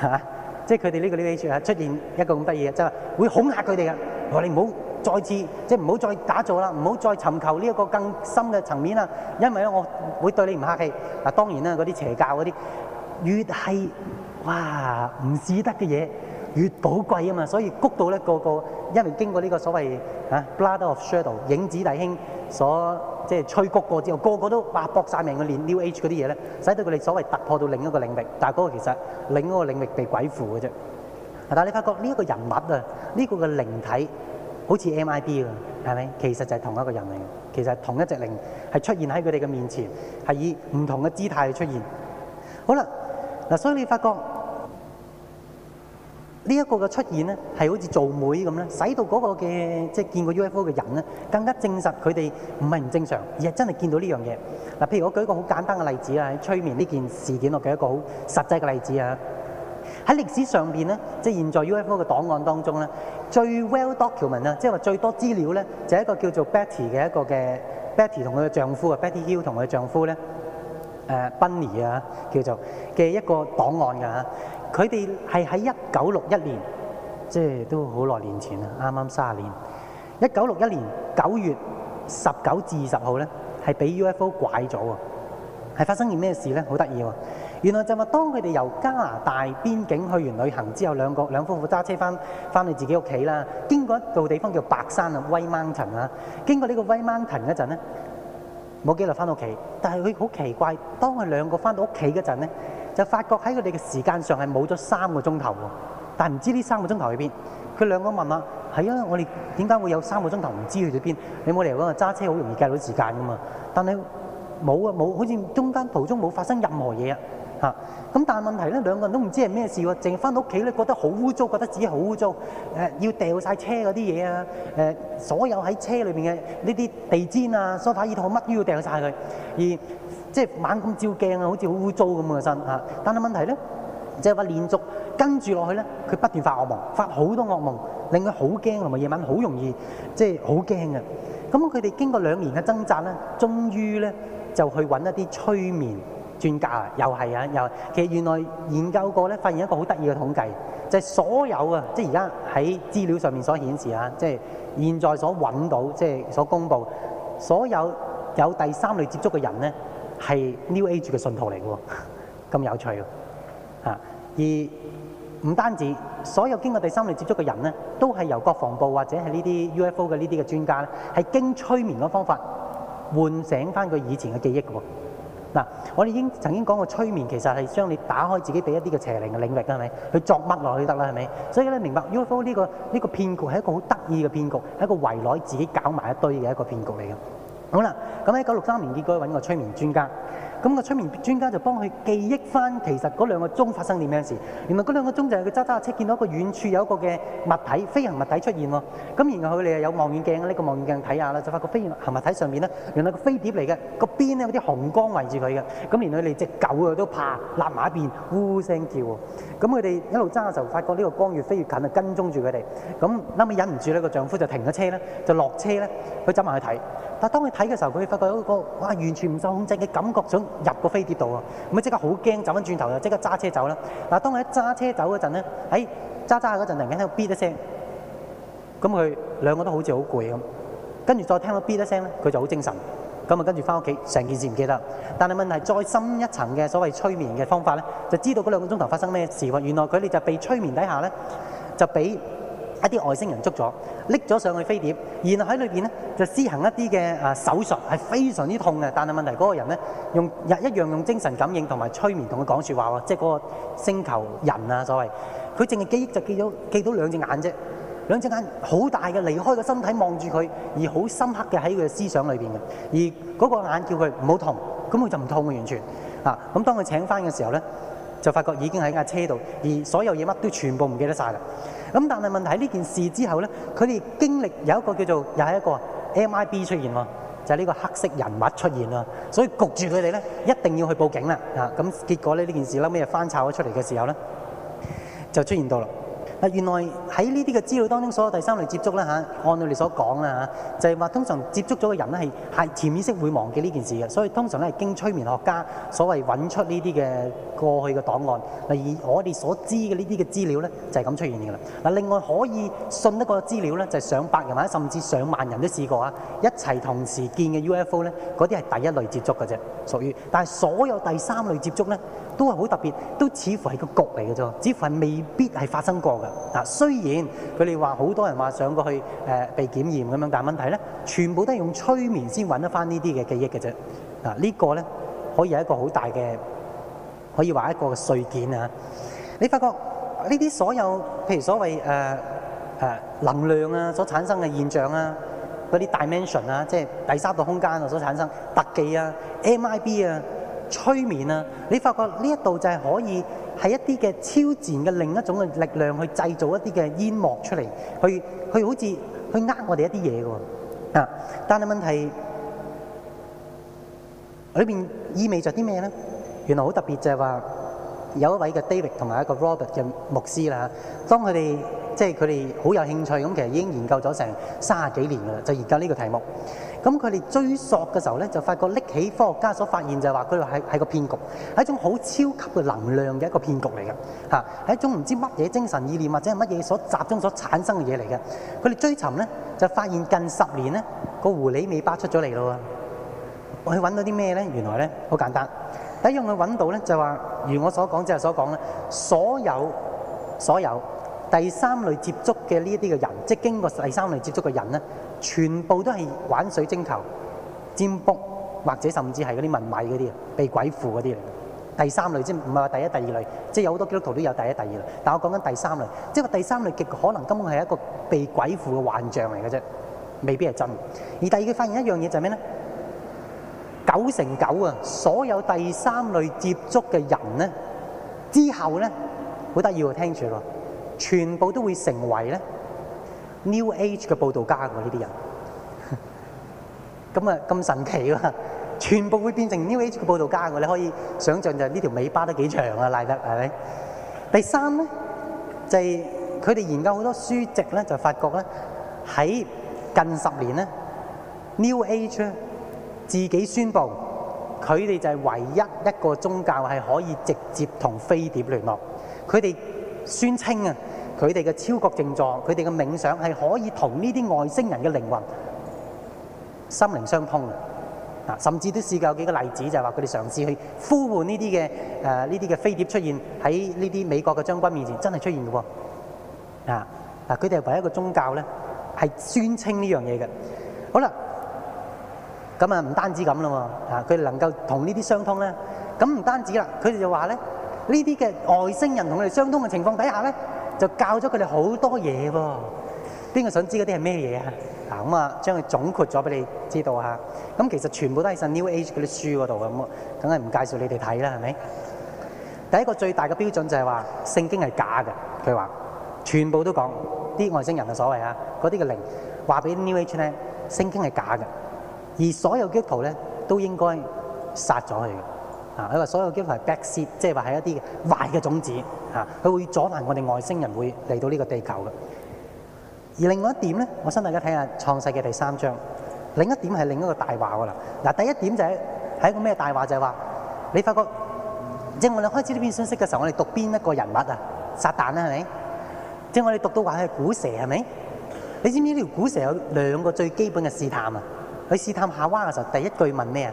喎、啊，即係佢哋呢個呢位處出現一個咁得意嘅，就係、話、會恐嚇佢哋嘅，你唔好再次即係唔好再假造啦，唔好再尋求呢一個更深嘅層面啦，因為咧我會對你唔客氣。嗱、啊、當然啦，嗰啲邪教嗰啲越係哇唔似得嘅嘢越寶貴啊嘛，所以谷到咧個個因為經過呢個所謂嚇、啊、Brother of Shadow 影子弟兄所。即係催谷過之後，個個都哇搏晒命去練 New Age 嗰啲嘢咧，使到佢哋所謂突破到另一個領域。但係嗰個其實另一個領域被鬼附嘅啫。但係你發覺呢一個人物啊，呢、呢個嘅靈體好似 MIB 啊，係咪？其實就係同一個人嚟，其實同一隻靈係出現喺佢哋嘅面前，係以唔同嘅姿態去出現。好啦，嗱，所以你發覺。呢一個嘅出現咧，係好似做妹咁咧，使到嗰個嘅即係見過 UFO 嘅人咧，更加證實佢哋唔係唔正常，而係真係見到呢樣嘢。嗱，譬如我舉一個好簡單嘅例子啊，喺催眠呢件事件度嘅一個好實際嘅例子啊。喺歷史上邊咧，即係現在 UFO 嘅檔案當中咧，最 well document 啊，即係話最多資料咧，就係一個叫做 Betty 嘅一個嘅 Betty 同佢嘅丈夫啊，Betty Hill 同佢嘅丈夫咧，誒 Bunny 啊，叫做嘅一個檔案㗎嚇。佢哋係喺一九六一年，即係都好耐年前啦，啱啱卅年。一九六一年九月十九至二十號咧，係俾 UFO 拐咗喎。係發生件咩事咧？好得意喎！原來就話當佢哋由加拿大邊境去完旅行之後，兩個兩夫婦揸車翻翻去自己屋企啦，經過一道地方叫白山啊，White Mountain 啊，Mountain，經過呢個 White Mountain 嗰陣咧，冇幾耐翻到屋企，但係佢好奇怪，當佢兩個翻到屋企嗰陣咧。就發覺喺佢哋嘅時間上係冇咗三個鐘頭喎，但係唔知呢三個鐘頭喺邊。佢兩個問啊，係、哎、啊，我哋點解會有三個鐘頭唔知去咗邊？你冇理由講揸車好容易計到時間噶嘛。但係冇啊，冇，好似中間途中冇發生任何嘢啊。嚇、啊，咁但係問題咧，兩個人都唔知係咩事喎、啊，淨返到屋企咧，覺得好污糟，覺得自己好污糟。誒、呃，要掉晒車嗰啲嘢啊，誒、呃，所有喺車裏邊嘅呢啲地氈啊、梳化、椅套乜都要掉晒佢，而。即係猛咁照鏡啊，好似好污糟咁嘅身嚇。但係問題咧，即係話連續跟住落去咧，佢不斷發惡夢，發好多惡夢，令佢好驚同埋夜晚好容易即係好驚啊。咁佢哋經過兩年嘅掙扎咧，終於咧就去揾一啲催眠專家啊，又係啊，又係。其實原來研究過咧，發現一個好得意嘅統計，就係所有啊，即係而家喺資料上面所顯示啊，即係現在所揾到即係所公佈，所有有第三類接觸嘅人咧，係 New Age 嘅信徒嚟嘅喎，咁有趣啊！而唔單止所有經過第三類接觸嘅人呢，都係由國防部或者係呢啲 UFO 嘅呢啲嘅專家咧，係經催眠嘅方法喚醒翻佢以前嘅記憶喎。嗱，我哋已經曾經講過催眠其實係將你打開自己俾一啲嘅邪靈嘅領域啊，係咪？去作乜落去得啦，係咪？所以咧，明白 UFO 呢個呢個騙局係一個好得意嘅騙局，係一個圍內自己搞埋一堆嘅一個騙局嚟嘅。好啦，咁喺一九六三年結果揾個催眠專家，咁個催眠專家就幫佢記憶返其實嗰兩個鐘發生啲咩事。原來嗰兩個鐘就係佢揸揸車，車見到一個遠處有一個嘅物體飛行物體出現喎。咁然後佢哋有望遠鏡，呢個望遠鏡睇下啦，就發覺飛行物體上面咧，原來個飛碟嚟嘅，個邊咧嗰啲紅光圍住佢嘅。咁然後佢哋隻狗啊都怕，匿埋一邊，嗚嗚聲叫喎。咁佢哋一路揸嘅時候，發覺呢個光越飛越近，就跟蹤住佢哋。咁啱啱忍唔住呢個丈夫就停咗車咧，就落車咧，佢走埋去睇。但係當佢睇嘅時候，佢會發覺有一個哇完全唔受控制嘅感覺，想入個飛碟度啊！咁佢即刻好驚，走翻轉頭就即刻揸車走啦。嗱，當佢一揸車走嗰陣咧，喺揸揸下嗰陣突然間聽到咇一聲，咁佢兩個都好似好攰咁。跟住再聽到咇一聲咧，佢就好精神。咁啊跟住翻屋企，成件事唔記得。但係問題是再深一層嘅所謂催眠嘅方法咧，就知道嗰兩個鐘頭發生咩事。原來佢哋就被催眠底下咧，就俾一啲外星人捉咗。拎咗上去飛碟，然後喺裏邊咧就施行一啲嘅誒手術，係非常之痛嘅。但係問題嗰個人咧用日一樣用精神感應同埋催眠同佢講説話喎，即係嗰個星球人啊所謂，佢淨係記憶就記咗記到兩隻眼啫，兩隻眼好大嘅，離開個身體望住佢而好深刻嘅喺佢嘅思想裏邊嘅。而嗰個眼叫佢唔好痛，咁佢就唔痛嘅完全啊。咁當佢請翻嘅時候咧，就發覺已經喺架車度，而所有嘢乜都全部唔記得晒啦。咁但係問題係呢件事之後咧，佢哋經歷有一個叫做又係一個 MIB 出現喎，就係、是、呢個黑色人物出現喎，所以焗住佢哋咧一定要去報警啦嚇。咁結果咧呢呢件事後尾翻炒咗出嚟嘅時候咧，就出現到啦。嗱，原來喺呢啲嘅資料當中，所有第三類接觸咧嚇，按道理所講啦嚇，就係話通常接觸咗嘅人咧係係潛意識會忘記呢件事嘅，所以通常咧係經催眠學家所謂揾出呢啲嘅過去嘅檔案，例如我哋所知嘅呢啲嘅資料咧就係咁出現嘅啦。嗱，另外可以信得過資料咧，就係上百人或者甚至上萬人都試過啊，一齊同時見嘅 UFO 咧，嗰啲係第一類接觸嘅啫，屬於。但係所有第三類接觸咧，都係好特別，都似乎係個局嚟嘅啫，似乎係未必係發生過嘅。嗱，雖然佢哋話好多人話上過去誒、呃、被檢驗咁樣，但問題咧，全部都係用催眠先搵得返呢啲嘅記憶嘅啫。嗱、呃，這個、呢個咧可以係一個好大嘅，可以話一個,說一個碎件啊。你發覺呢啲所有，譬如所謂誒誒、呃呃、能量啊，所產生嘅現象啊，嗰啲大 dimension 啊，即係第三個空間啊，所產生特技啊，MIB 啊。催眠啊！你發覺呢一度就係可以喺一啲嘅超自然嘅另一種嘅力量去製造一啲嘅煙幕出嚟，去去好似去呃我哋一啲嘢嘅喎。但係問題裏邊意味着啲咩咧？原來好特別就係話有一位嘅 David 同埋一個 Robert 嘅牧師啦。當佢哋即係佢哋好有興趣咁，其實已經研究咗成三十幾年嘅啦，就研究呢個題目。咁佢哋追索嘅時候咧，就發覺拎起科學家所發現就係話佢哋係係個騙局，係一種好超級嘅能量嘅一個騙局嚟嘅嚇，係一種唔知乜嘢精神意念或者係乜嘢所集中所產生嘅嘢嚟嘅。佢哋追尋咧就發現近十年咧個狐狸尾巴出咗嚟咯。我去揾到啲咩咧？原來咧好簡單，第一樣去揾到咧就話，如我所講即係所講咧，所有所有第三類接觸嘅呢一啲嘅人，即係經過第三類接觸嘅人咧。全部都係玩水晶球、占卜或者甚至係嗰啲問米嗰啲啊，被鬼附嗰啲嚟。第三類即唔係話第一、第二類，即係有好多基督徒都有第一、第二類。但係我講緊第三類，即係個第三類極可能根本係一個被鬼附嘅幻象嚟嘅啫，未必係真。而第二，佢發現一樣嘢就係咩咧？九成九啊，所有第三類接觸嘅人咧，之後咧，好得意喎，聽住喎，全部都會成為咧。New Age 嘅報道家喎呢啲人，咁啊咁神奇啊！全部會變成 New Age 嘅報道家喎，你可以想像就呢條尾巴得幾長啊，賴得係咪？第三咧就係佢哋研究好多書籍咧，就發覺咧喺近十年咧，New Age 呢自己宣佈佢哋就係唯一一個宗教係可以直接同飛碟聯絡，佢哋宣稱啊。佢哋嘅超覺症狀，佢哋嘅冥想係可以同呢啲外星人嘅靈魂、心靈相通嘅嗱，甚至都試過有幾個例子，就係話佢哋嘗試去呼喚呢啲嘅誒呢啲嘅飛碟出現喺呢啲美國嘅將軍面前，真係出現嘅喎啊！嗱，啊，佢哋唯一一個宗教咧，係宣稱呢樣嘢嘅。好啦。咁啊，唔單止咁啦喎，佢哋能夠同呢啲相通咧，咁唔單止啦，佢哋就話咧呢啲嘅外星人同佢哋相通嘅情況底下咧。就教咗佢哋好多嘢喎，邊個想知嗰啲係咩嘢啊？嗱咁啊，將佢總括咗俾你知道下。咁其實全部都係 New Age 嗰啲書嗰度啊，咁啊，梗係唔介紹你哋睇啦，係咪？第一個最大嘅標準就係話聖經係假嘅，佢話全部都講啲外星人嘅所謂啊，嗰啲嘅靈話俾 New Age 咧，聖經係假嘅，而所有基督徒咧都應該殺咗佢。啊！佢話所有機器係 backship，即係話係一啲壞嘅種子嚇，佢會阻攔我哋外星人會嚟到呢個地球嘅。而另外一點咧，我想大家睇下創世嘅第三章。另一點係另一個大話噶啦。嗱，第一點就係係一個咩大話就係話你發覺，即係我哋開始呢篇訊息嘅時候，我哋讀邊一個人物啊？撒旦啦，係咪？即係我哋讀到話係古蛇，係咪？你知唔知呢條古蛇有兩個最基本嘅試探啊？佢試探夏娃嘅時候，第一句問咩啊？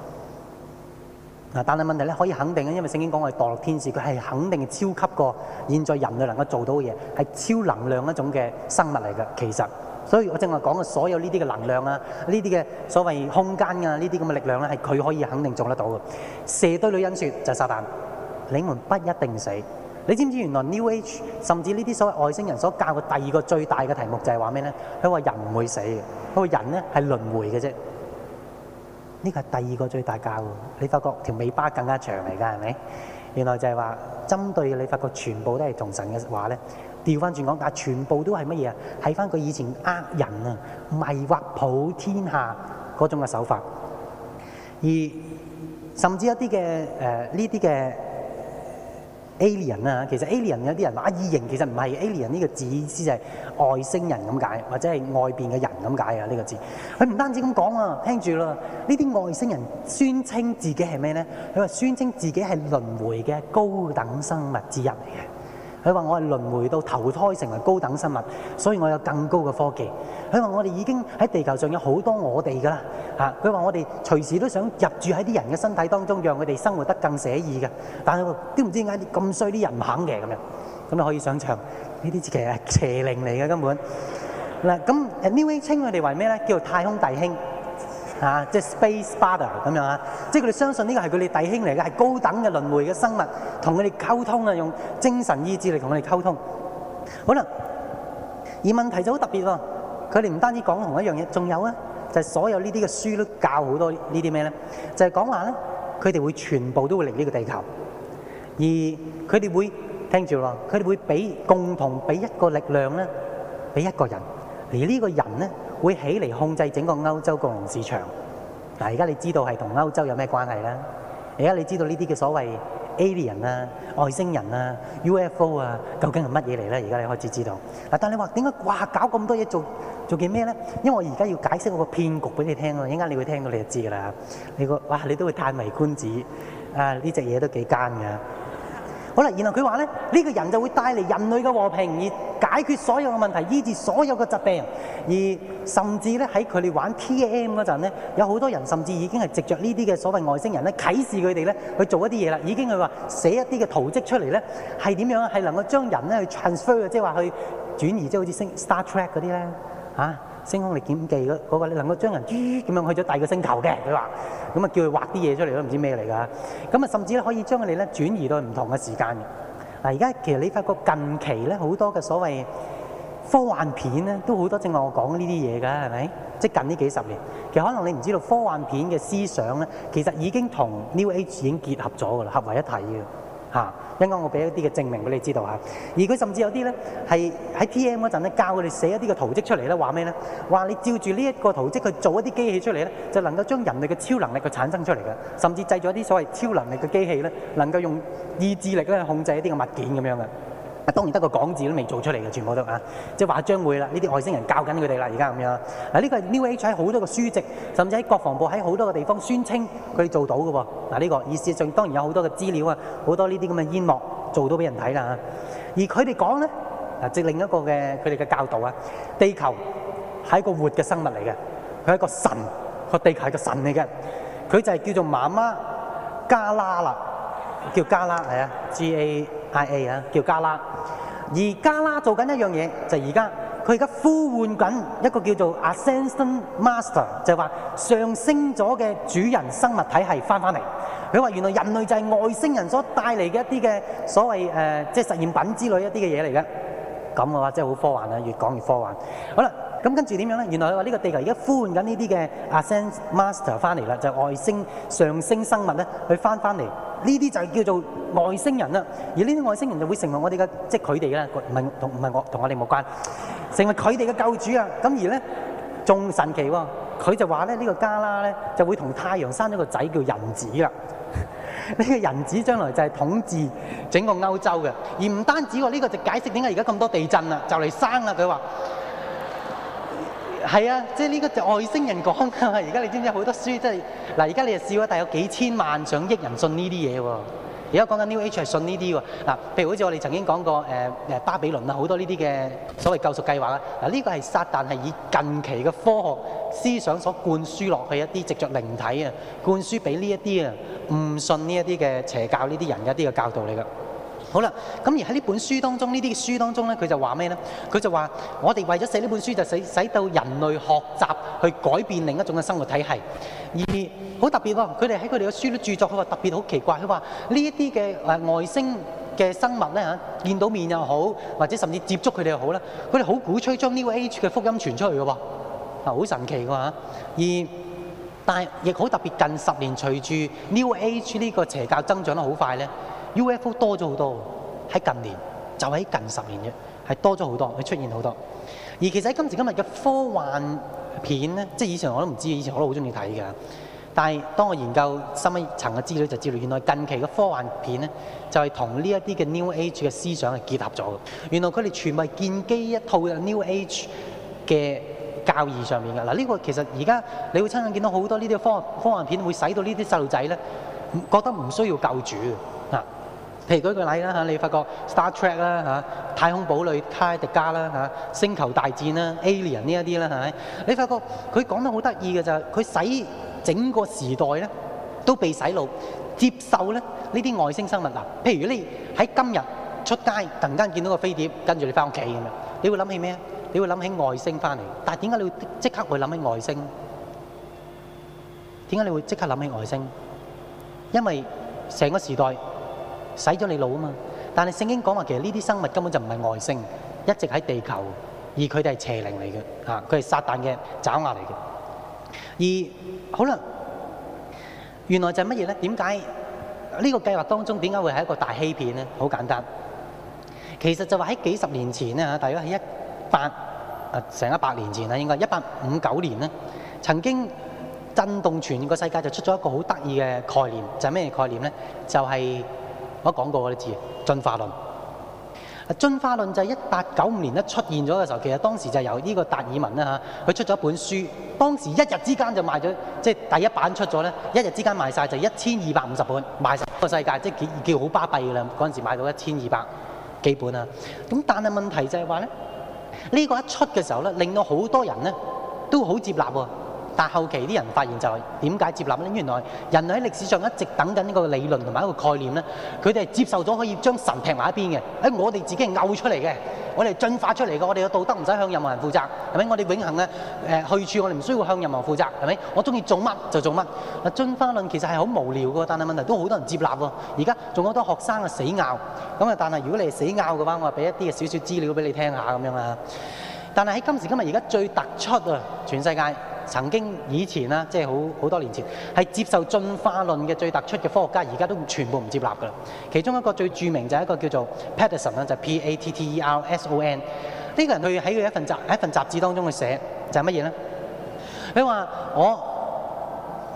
嗱，但係問題咧，可以肯定嘅，因為聖經講我哋墮落天使，佢係肯定超級過現在人類能夠做到嘅嘢，係超能量一種嘅生物嚟嘅。其實，所以我正話講嘅所有呢啲嘅能量啊，呢啲嘅所謂空間啊，呢啲咁嘅力量咧，係佢可以肯定做得到嘅。蛇對女人說：就係撒旦，你們不一定死。你知唔知原來 New Age 甚至呢啲所謂外星人所教嘅第二個最大嘅題目就係話咩咧？佢話人唔會死嘅，佢話人咧係輪迴嘅啫。呢個係第二個最大價喎！你發覺條尾巴更加長嚟㗎，係咪？原來就係話針對你發覺全部都係同神嘅話咧，調翻轉講，但係全部都係乜嘢啊？睇翻佢以前呃人啊、迷惑普天下嗰種嘅手法，而甚至一啲嘅誒呢啲嘅。呃 alien 啊，其實 alien 有啲人話異形，其實唔係 alien 呢個字意思就係外星人咁解，或者係外邊嘅人咁解啊呢個字。佢唔單止咁講啊，聽住啦，呢啲外星人宣稱自己係咩咧？佢話宣稱自己係輪迴嘅高等生物之一嚟嘅。佢話我係輪回到投胎成為高等生物，所以我有更高嘅科技。佢話我哋已經喺地球上有好多我哋噶啦，嚇！佢話我哋隨時都想入住喺啲人嘅身體當中，讓佢哋生活得更寫意嘅。但係都唔知點解咁衰，啲人唔肯嘅咁樣。咁你可以上場？呢啲其實係邪靈嚟嘅根本。嗱，咁呢位稱佢哋為咩咧？叫做太空弟兄。啊，即係 space fighter 咁樣啊，即係佢哋相信呢個係佢哋弟兄嚟嘅，係高等嘅輪迴嘅生物，同佢哋溝通啊，用精神意志力同佢哋溝通。好啦，而問題就好特別喎，佢哋唔單止講同一樣嘢，仲有啊，就係、是、所有呢啲嘅書都教好多呢啲咩咧，就係講話咧，佢哋會全部都會嚟呢個地球，而佢哋會聽住喎，佢哋會俾共同俾一個力量咧，俾一個人，而呢個人咧。會起嚟控制整個歐洲共同市場，嗱而家你知道係同歐洲有咩關係啦？而家你知道呢啲嘅所謂 alien 啊、外星人啊、UFO 啊，究竟係乜嘢嚟咧？而家你開始知道，嗱但你話點解哇搞咁多嘢做做件咩咧？因為我而家要解釋我個騙局俾你聽咯，陣間你會聽過你就知㗎啦。你個哇你都會歎為觀止啊！呢隻嘢都幾奸㗎。好啦，然後佢話咧，呢、呢個人就會帶嚟人類嘅和平，而解決所有嘅問題，醫治所有嘅疾病，而甚至咧喺佢哋玩 T M 嗰陣咧，有好多人甚至已經係藉着呢啲嘅所謂外星人咧啟示佢哋咧去做一啲嘢啦，已經係話寫一啲嘅圖蹟出嚟咧，係點樣係能夠將人咧去 transfer，即係話去轉移，即係好似星 Star Trek 嗰啲咧，嚇、啊。星空歷險記嗰，嗰個你能夠將人咁樣去咗第二個星球嘅，佢話咁啊叫佢畫啲嘢出嚟咯，唔知咩嚟㗎？咁啊甚至咧可以將佢哋咧轉移到唔同嘅時間。嗱，而家其實你發覺近期咧好多嘅所謂科幻片咧都好多正話我講呢啲嘢㗎，係咪？即係近呢幾十年，其實可能你唔知道科幻片嘅思想咧，其實已經同 New Age 已經結合咗㗎啦，合為一體嘅。嚇！啊、我給應該我俾一啲嘅證明俾你知道嚇，而佢甚至有啲咧係喺 PM 嗰陣咧教佢哋寫一啲嘅圖蹟出嚟咧，話咩咧？話你照住呢一個圖蹟去做一啲機器出嚟咧，就能夠將人類嘅超能力佢產生出嚟嘅，甚至製造一啲所謂超能力嘅機器咧，能夠用意志力咧去控制一啲嘅物件咁樣嘅。啊，當然得個講字都未做出嚟嘅，全部都啊，即係話將會啦。呢啲外星人教緊佢哋啦，而家咁樣。嗱、啊，呢、呢個 New Age 喺好多個書籍，甚至喺國防部喺好多個地方宣稱佢做到嘅喎。嗱、啊，呢、呢個意思就當然有好多嘅資料啊，好多呢啲咁嘅煙幕做到俾人睇啦、啊。而佢哋講咧，嗱、啊，即另一個嘅佢哋嘅教導啊，地球係一個活嘅生物嚟嘅，佢係一個神，個地球係個神嚟嘅，佢就係叫做媽媽加拉啦，叫加拉係啊，G A，i 啊，叫加拉，而加拉做緊一樣嘢，就而家佢而家呼喚緊一個叫做 Ascension Master，就係話上升咗嘅主人生物體係翻翻嚟。佢話原來人類就係外星人所帶嚟嘅一啲嘅所謂誒、呃，即係實驗品之類一啲嘅嘢嚟嘅。咁嘅話真係好科幻啊！越講越科幻。好啦，咁跟住點樣咧？原來佢話呢個地球而家呼喚緊呢啲嘅 Ascension Master 翻嚟啦，就係外星上升生物咧佢翻翻嚟。呢啲就係叫做外星人啦，而呢啲外星人就會成為我哋嘅，即係佢哋啦，唔係同唔係我同我哋冇關，成為佢哋嘅救主啊！咁而咧仲神奇喎，佢就話咧呢、呢個加拉咧就會同太陽生咗個仔叫人子啦。呢 *laughs* 個人子將來就係統治整個歐洲嘅，而唔單止喎，呢、呢個就解釋點解而家咁多地震啦，就嚟生啦，佢話。係啊，即係呢個就外星人講㗎嘛！而家你知唔知好多書即係嗱，而家你又笑啊，但係有幾千萬上億人信呢啲嘢喎。而家講緊 New Age 係信呢啲喎嗱，譬如好似我哋曾經講過誒誒、呃、巴比倫啊，好多呢啲嘅所謂救贖計劃啊，嗱、這、呢個係撒旦係以近期嘅科學思想所灌輸落去一啲藉著靈體啊，灌輸俾呢一啲啊唔信呢一啲嘅邪教呢啲人嘅一啲嘅教導嚟㗎。好啦，咁而喺呢本書當中，呢啲書當中咧，佢就話咩咧？佢就話我哋為咗寫呢本書，就使使到人類學習去改變另一種嘅生活體系。而好特別喎、啊，佢哋喺佢哋嘅書都著作，佢話特別好奇怪，佢話呢一啲嘅誒外星嘅生物咧嚇，見到面又好，或者甚至接觸佢哋又好啦，佢哋好鼓吹將 New Age 嘅福音傳出去嘅喎，好神奇喎、啊！而但係亦好特別，近十年隨住 New Age 呢個邪教增長得好快咧。UFO 多咗好多喺近年，就喺近十年啫，係多咗好多，佢出現好多。而其實今時今日嘅科幻片咧，即係以前我都唔知，以前我都好中意睇嘅。但係當我研究深一層嘅資料就知道，原來近期嘅科幻片咧就係同呢一啲嘅 New Age 嘅思想係結合咗。原來佢哋全部係建基一套嘅 New Age 嘅教義上面嘅嗱。呢個其實而家你會親眼見到好多呢啲科幻科幻片會使到呢啲細路仔咧覺得唔需要救主。譬如舉個例啦嚇，你發覺 Star Trek 啦嚇、太空堡壘、卡迪加啦嚇、星球大戰啦、Alien 呢一啲啦係咪？你發覺佢講得好得意嘅就係：佢使整個時代咧都被洗腦，接受咧呢啲外星生物嗱。譬如你喺今日出街，突然間見到個飛碟，跟住你翻屋企咁樣，你會諗起咩？你會諗起外星翻嚟。但係點解你會即刻會諗起外星？點解你會即刻諗起外星？因為成個時代。洗咗你腦啊嘛！但係聖經講話，其實呢啲生物根本就唔係外星，一直喺地球，而佢哋係邪靈嚟嘅，嚇佢係撒但嘅爪牙嚟嘅。而好啦，原來就係乜嘢咧？點解呢個計劃當中點解會係一個大欺騙咧？好簡單，其實就話喺幾十年前咧嚇，大概喺一八啊成一百年前啦，應該一八五九年咧，曾經震動全個世界就出咗一個好得意嘅概念，就係咩概念咧？就係。我講過啲字，進化論。啊，進化論就係一八九五年一出現咗嘅時候，其實當時就由呢個達爾文咧嚇，佢出咗本書，當時一日之間就賣咗，即係第一版出咗咧，一日之間賣晒，就一千二百五十本，賣晒，個世界，即係幾叫好巴閉嘅啦。嗰陣時買到一千二百幾本啊。咁但係問題就係話咧，呢個一出嘅時候咧，令到好多人咧都好接納喎。但後期啲人發現就係點解接納呢？原來人類喺歷史上一直等緊呢個理論同埋一個概念咧，佢哋係接受咗可以將神撇埋一邊嘅喺、哎、我哋自己拗出嚟嘅，我哋進化出嚟嘅，我哋嘅道德唔使向任何人負責，係咪？我哋永恆嘅誒去處，我哋唔需要向任何人負責，係咪？我中意做乜就做乜。嗱，進化論其實係好無聊嘅，但係問題是都好多人接納喎。而家仲有好多學生啊，死拗咁啊。但係如果你係死拗嘅話，我話俾一啲少少資料俾你聽下咁樣啦。但係喺今時今日，而家最突出啊，全世界。曾經以前啦，即係好好多年前，係接受進化論嘅最突出嘅科學家，而家都全部唔接納㗎啦。其中一個最著名就係一個叫做 Patterson 就係 P A T T E R S O N 呢個人去喺佢一份雜一份雜誌當中去寫，就係乜嘢呢？佢話我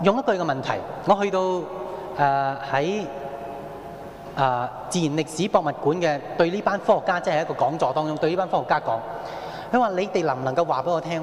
用一句嘅問題，我去到誒喺誒自然歷史博物館嘅對呢班科學家，即係一個講座當中對呢班科學家講，佢話你哋能唔能夠話俾我聽？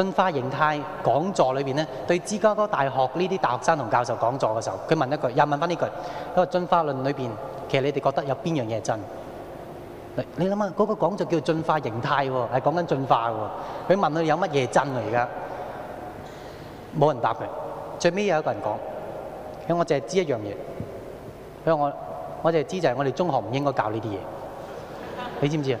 進化形態講座裏邊咧，對芝加哥大學呢啲大學生同教授講座嘅時候，佢問一句，又問翻呢句，佢話進化論裏邊，其實你哋覺得有邊樣嘢真？你你諗下，嗰、嗰個講座叫進化形態喎，係講緊進化喎，佢問我有乜嘢真啊？而家冇人答佢。」最尾有一個人講，佢話我淨係知一樣嘢，佢話我我淨係知就係我哋中學唔應該教呢啲嘢，你知唔知啊？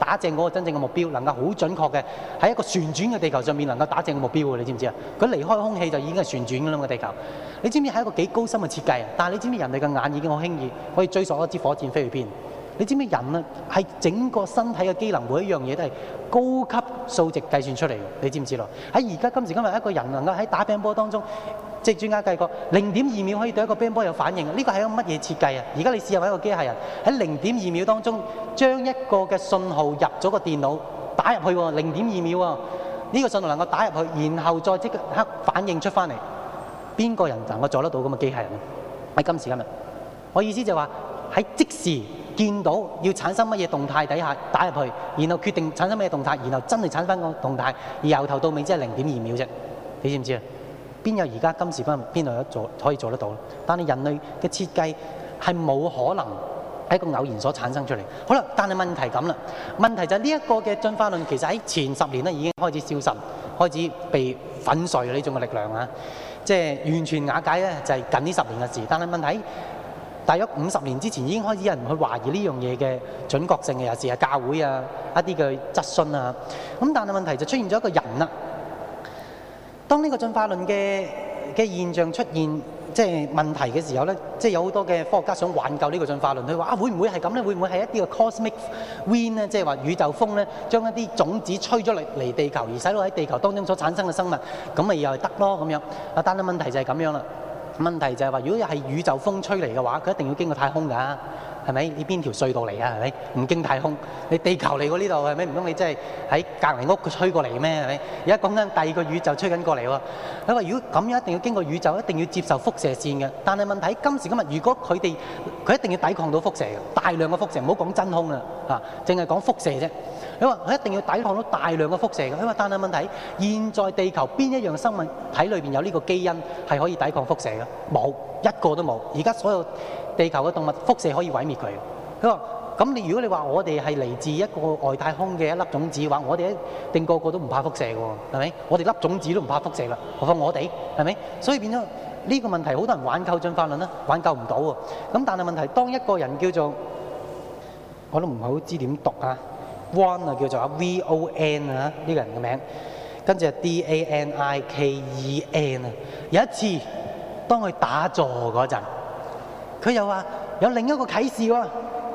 打正嗰個真正嘅目標，能夠好準確嘅，喺一個旋轉嘅地球上面能夠打正嘅目標，你知唔知啊？佢離開空氣就已經係旋轉咁樣嘅地球，你知唔知係一個幾高深嘅設計啊？但係你知唔知人哋嘅眼已經好輕易可以追索一支火箭飛去邊？你知唔知人啊係整個身體嘅機能，每一樣嘢都係高級數值計算出嚟嘅？你知唔知咯？喺而家今時今日，一個人能夠喺打乒乓波當中。即係專家計過，零點二秒可以對一個乒乓球有反應。呢個係一個乜嘢設計啊？而家你試下揾一個機械人喺零點二秒當中，將一個嘅信號入咗個電腦打入去喎，零點二秒啊！呢個信號能夠打入去，然後再即刻反應出翻嚟，邊個人能夠做得到咁嘅機械人？喺今時今日，我意思就係話喺即時見到要產生乜嘢動態底下打入去，然後決定產生乜嘢動態，然後真係產生個動態，而由頭到尾只係零點二秒啫。你知唔知啊？邊有，而家今時今日邊度有做可以做得到？但係人類嘅設計係冇可能喺一個偶然所產生出嚟。好啦，但係問題咁啦。問題就係呢一個嘅進化論其實喺前十年咧已經開始消失，開始被粉碎呢種嘅力量啊。即係完全瓦解咧，就係近呢十年嘅事。但係問題，大約五十年之前已經開始有人去懷疑呢樣嘢嘅準確性嘅，尤其係教會啊一啲嘅質詢啊。咁但係問題就出現咗一個人啦。當呢個進化論嘅嘅現象出現即係、就是、問題嘅時候呢，即係有好多嘅科學家想挽救呢個進化論，佢話啊會唔會係咁呢？會唔會係一啲嘅 cosmic wind 咧？即係話宇宙風呢，將一啲種子吹咗嚟地球，而使到喺地球當中所產生嘅生物，咁咪又係得咯咁樣。但係問題就係咁樣啦，問題就係話如果係宇宙風吹嚟嘅話，佢一定要經過太空㗎、啊。係咪？你邊條隧道嚟啊？係咪？唔經太空，你地球嚟過呢度係咪？唔通你真係喺隔離屋吹過嚟咩？係咪？而家講緊第二個宇宙吹緊過嚟喎、哦。因為如果咁樣，一定要經過宇宙，一定要接受輻射線嘅。但係問題是今時今日，如果佢哋佢一定要抵抗到輻射嘅大量嘅輻射，唔好講真空啦，嚇，淨係講輻射啫。佢話：我一定要抵抗到大量嘅輻射嘅。佢話：但係問題，現在地球邊一樣生物體裏邊有呢個基因係可以抵抗輻射嘅？冇一個都冇。而家所有地球嘅動物輻射可以毀滅佢。佢話：咁你如果你話我哋係嚟自一個外太空嘅一粒種子嘅話，我哋一定個個都唔怕輻射㗎，係咪？我哋粒種子都唔怕輻射啦，何況我哋係咪？所以變咗呢個問題，好多人挽救進化論啦，挽救唔到喎。咁但係問題，當一個人叫做我都唔係好知點讀啊！One 啊叫做啊 V O N 啊呢個人嘅名，跟住係 D A N I K E N 啊，有一次當佢打坐嗰陣，佢又話有另一個啟示喎，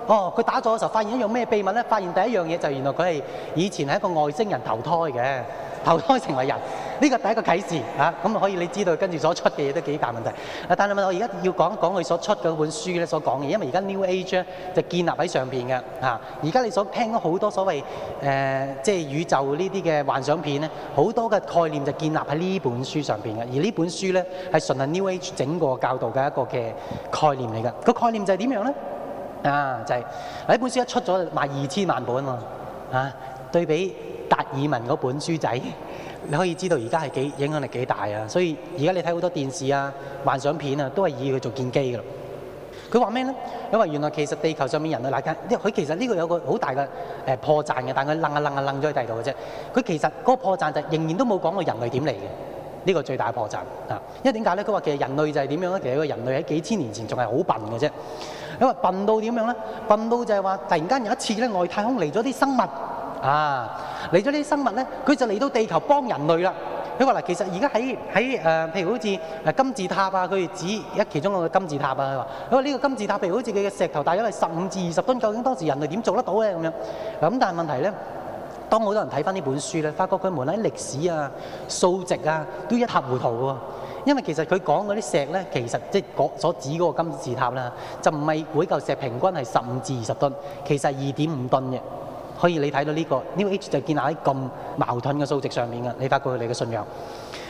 哦，佢打坐嘅時候發現一樣咩秘密咧？發現第一樣嘢就係原來佢係以前係一個外星人投胎嘅，投胎成為人。呢個第一個啟示嚇，咁、啊、可以你知道跟住所出嘅嘢都幾大問題。啊、但係問我而家要講一講佢所出嗰本書咧，所講嘅嘢，因為而家 New Age 呢就建立喺上邊嘅嚇。而、啊、家你所聽好多所謂誒，即、呃、係、就是、宇宙呢啲嘅幻想片咧，好多嘅概念就建立喺呢本書上邊嘅。而呢本書咧係純係 New Age 整個教導嘅一個嘅概念嚟嘅。個概念就係點樣咧？啊，就係、是、呢本書一出咗賣二千萬本喎嚇、啊，對比達爾文嗰本書仔。你可以知道而家係幾影響力幾大啊！所以而家你睇好多電視啊、幻想片啊，都係以佢做建基嘅咯。佢話咩咧？因為原來其實地球上面人類嗱，佢其實呢個有個好大嘅誒破綻嘅，但係佢愣啊愣啊愣咗喺地度嘅啫。佢其實嗰個破綻就仍然都冇講過人類點嚟嘅，呢個最大破綻啊！因為點解咧？佢話其實人類就係點樣咧？其實個人類喺幾千年前仲係好笨嘅啫。因為笨到點樣咧？笨到就係話突然間有一次咧，外太空嚟咗啲生物。啊！嚟咗呢啲生物咧，佢就嚟到地球幫人類啦。佢話嗱，其實而家喺喺誒，譬如好似誒金字塔啊，佢指一其中嗰個金字塔啊。佢話：，佢話呢個金字塔，譬如好似佢嘅石頭大約係十五至二十噸，究竟當時人類點做得到咧？咁樣嗱，咁但係問題咧，當好多人睇翻呢本書咧，發覺佢無論喺歷史啊、數值啊，都一塌糊塗嘅。因為其實佢講嗰啲石咧，其實即係講所指嗰個金字塔啦，就唔係每嚿石平均係十五至二十噸，其實係二點五噸嘅。所以你睇到呢個 New Age 就建立喺咁矛盾嘅數值上面嘅，你發覺佢哋嘅信仰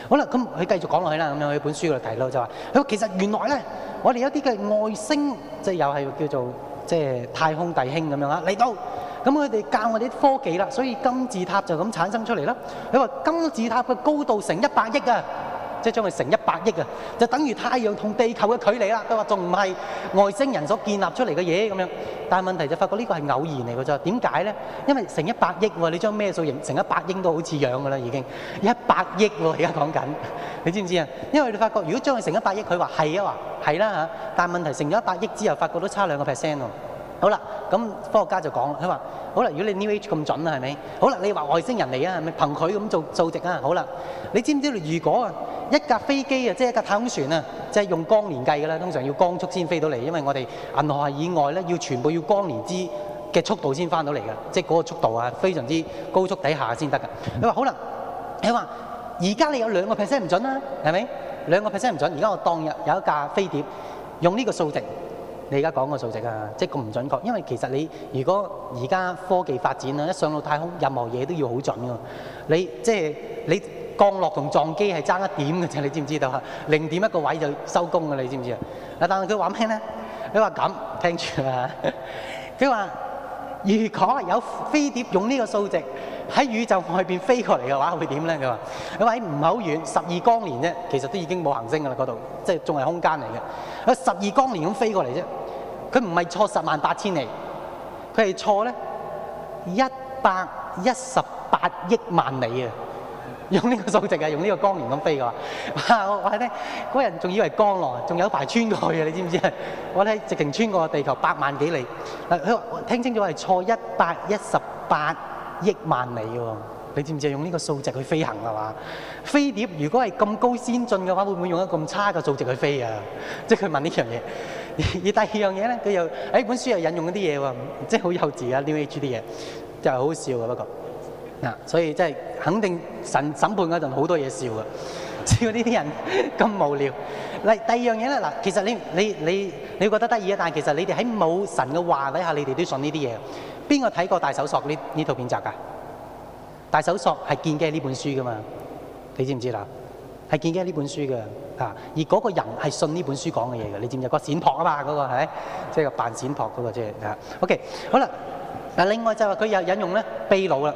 好啦。咁佢繼續講落去啦，咁樣喺本書度提到，就話：，佢其實原來咧，我哋有一啲嘅外星即係又係叫做即係太空弟兄咁樣啊嚟到，咁佢哋教我哋啲科技啦，所以金字塔就咁產生出嚟啦。佢話金字塔嘅高度成一百億啊！即係將佢乘一百億啊，就等於太陽同地球嘅距離啦。佢話仲唔係外星人所建立出嚟嘅嘢咁樣，但係問題就發覺呢個係偶然嚟嘅啫。點解呢？因為乘一百億喎，你將咩數型乘一百億都好似樣㗎啦，已經一百億喎，而家講緊，你知唔知啊？因為你發覺如果將佢乘一百億，佢話係啊，話係啦吓，但係問題乘咗一百億之後，發覺都差兩個 percent 喎。好啦，咁科學家就講啦，佢話：好啦，如果你 New Age 咁準啦，係咪？好啦，你話外星人嚟啊，係咪？憑佢咁做數值啊，好啦。你知唔知如果一架飛機啊，即係一架太空船啊，即係用光年計嘅啦，通常要光速先飛到嚟，因為我哋銀河系以外咧，要全部要光年之嘅速度先翻到嚟嘅，即係嗰個速度啊，非常之高速底下先得㗎。佢話：好啦，佢話：而家你有兩個 percent 唔準啦，係咪？兩個 percent 唔準，而家我當日有一架飛碟，用呢個數值。你而家講個數值啊，即係咁唔準確，因為其實你如果而家科技發展啊，一上到太空，任何嘢都要好準㗎。你即係你降落同撞機係爭一點㗎啫，你知唔知道啊？零點一個位就收工㗎啦，你知唔知啊？嗱，但係佢話咩咧？你話咁，聽住啊！佢話。如果有飛碟用呢個數值喺宇宙外邊飛過嚟嘅話會怎樣呢？會點咧？佢話：，佢話唔係好遠，十二光年啫，其實都已經冇行星噶啦，嗰度即係仲係空間嚟嘅。佢十二光年咁飛過嚟啫，佢唔係錯十萬八千里，佢係錯咧一百一十八億萬里啊！用呢個數值啊，用呢個光年咁飛㗎。哇！ *laughs* 我我睇咧，嗰人仲以為光來，仲有排穿過去啊！你知唔知啊？我睇直情穿過地球百萬幾里。佢聽清楚係錯一百一十八億萬里喎、啊。你知唔知用呢個數值去飛行係嘛？飛碟如果係咁高先進嘅話，會唔會用咗咁差嘅數值去飛啊？即係佢問呢樣嘢。 *laughs* 而第二樣嘢咧，佢又誒、哎、本書又引用一啲嘢喎，即係好幼稚嘅 N e w H 啲嘢，就係、是、好笑嘅不過。嗱、啊，所以即係肯定神審判嗰陣好多嘢笑㗎！只要呢啲人咁無聊。嚟第二樣嘢咧，嗱，其實你你你你覺得得意啊，但係其實你哋喺冇神嘅話底下，你哋都信呢啲嘢。邊個睇過大搜索這這集的《大搜索》呢呢套片集㗎？《大搜索》係建基呢本書㗎嘛？你知唔知啦？係建基呢本書㗎，啊！而嗰個人係信呢本書講嘅嘢㗎，你知唔知道？嗰個閃撲啊嘛，嗰、嗰個係即係個扮閃撲嗰個啫，嚇、啊。OK，好啦。嗱、啊，另外就係佢又引用咧，秘魯啦。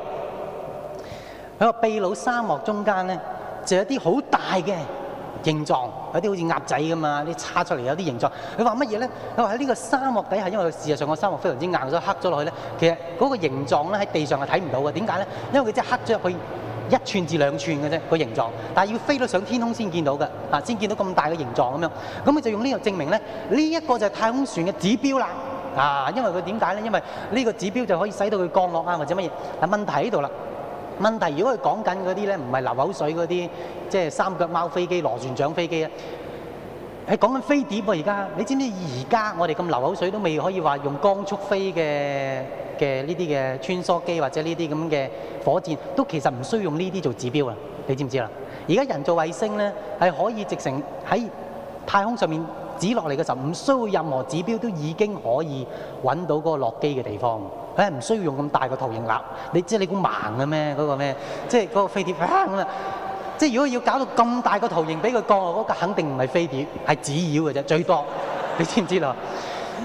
喺個秘魯沙漠中間咧，就有啲好大嘅形狀，有啲好似鴨仔咁嘛。你叉出嚟有啲形狀。佢話乜嘢咧？佢話喺呢個沙漠底下，因為事實上個沙漠非常之硬，所以黑咗落去咧，其實嗰個形狀咧喺地上係睇唔到嘅。點解咧？因為佢真係黑咗入去一寸至兩寸嘅啫，個形狀。但係要飛到上天空先見到嘅，啊，先見到咁大嘅形狀咁樣。咁佢就用呢個證明咧，呢一個就係太空船嘅指標啦。啊，因為佢點解咧？因為呢個指標就可以使到佢降落啊，或者乜嘢。但問題喺度啦。問題如果佢講緊嗰啲咧，唔係流口水嗰啲，即係三腳貓飛機、螺旋槳飛機啊！係講緊飛碟喎，啊，而家你知唔知？而家我哋咁流口水都未可以話用光速飛嘅嘅呢啲嘅穿梭機或者呢啲咁嘅火箭，都其實唔需要用呢啲做指標啊！你知唔知呀？而家人造衛星咧係可以直成喺太空上面指落嚟嘅時候，唔需要任何指標都已經可以揾到嗰個落機嘅地方。誒唔、哎、需要用咁大個圖形立，你即係你估盲嘅咩？嗰個咩？即係嗰、那個、個飛碟啊咁啊！即係如果要搞到咁大個圖形俾佢降落，嗰、那個肯定唔係飛碟，係紙鷂嘅啫，最多，你知唔知啊？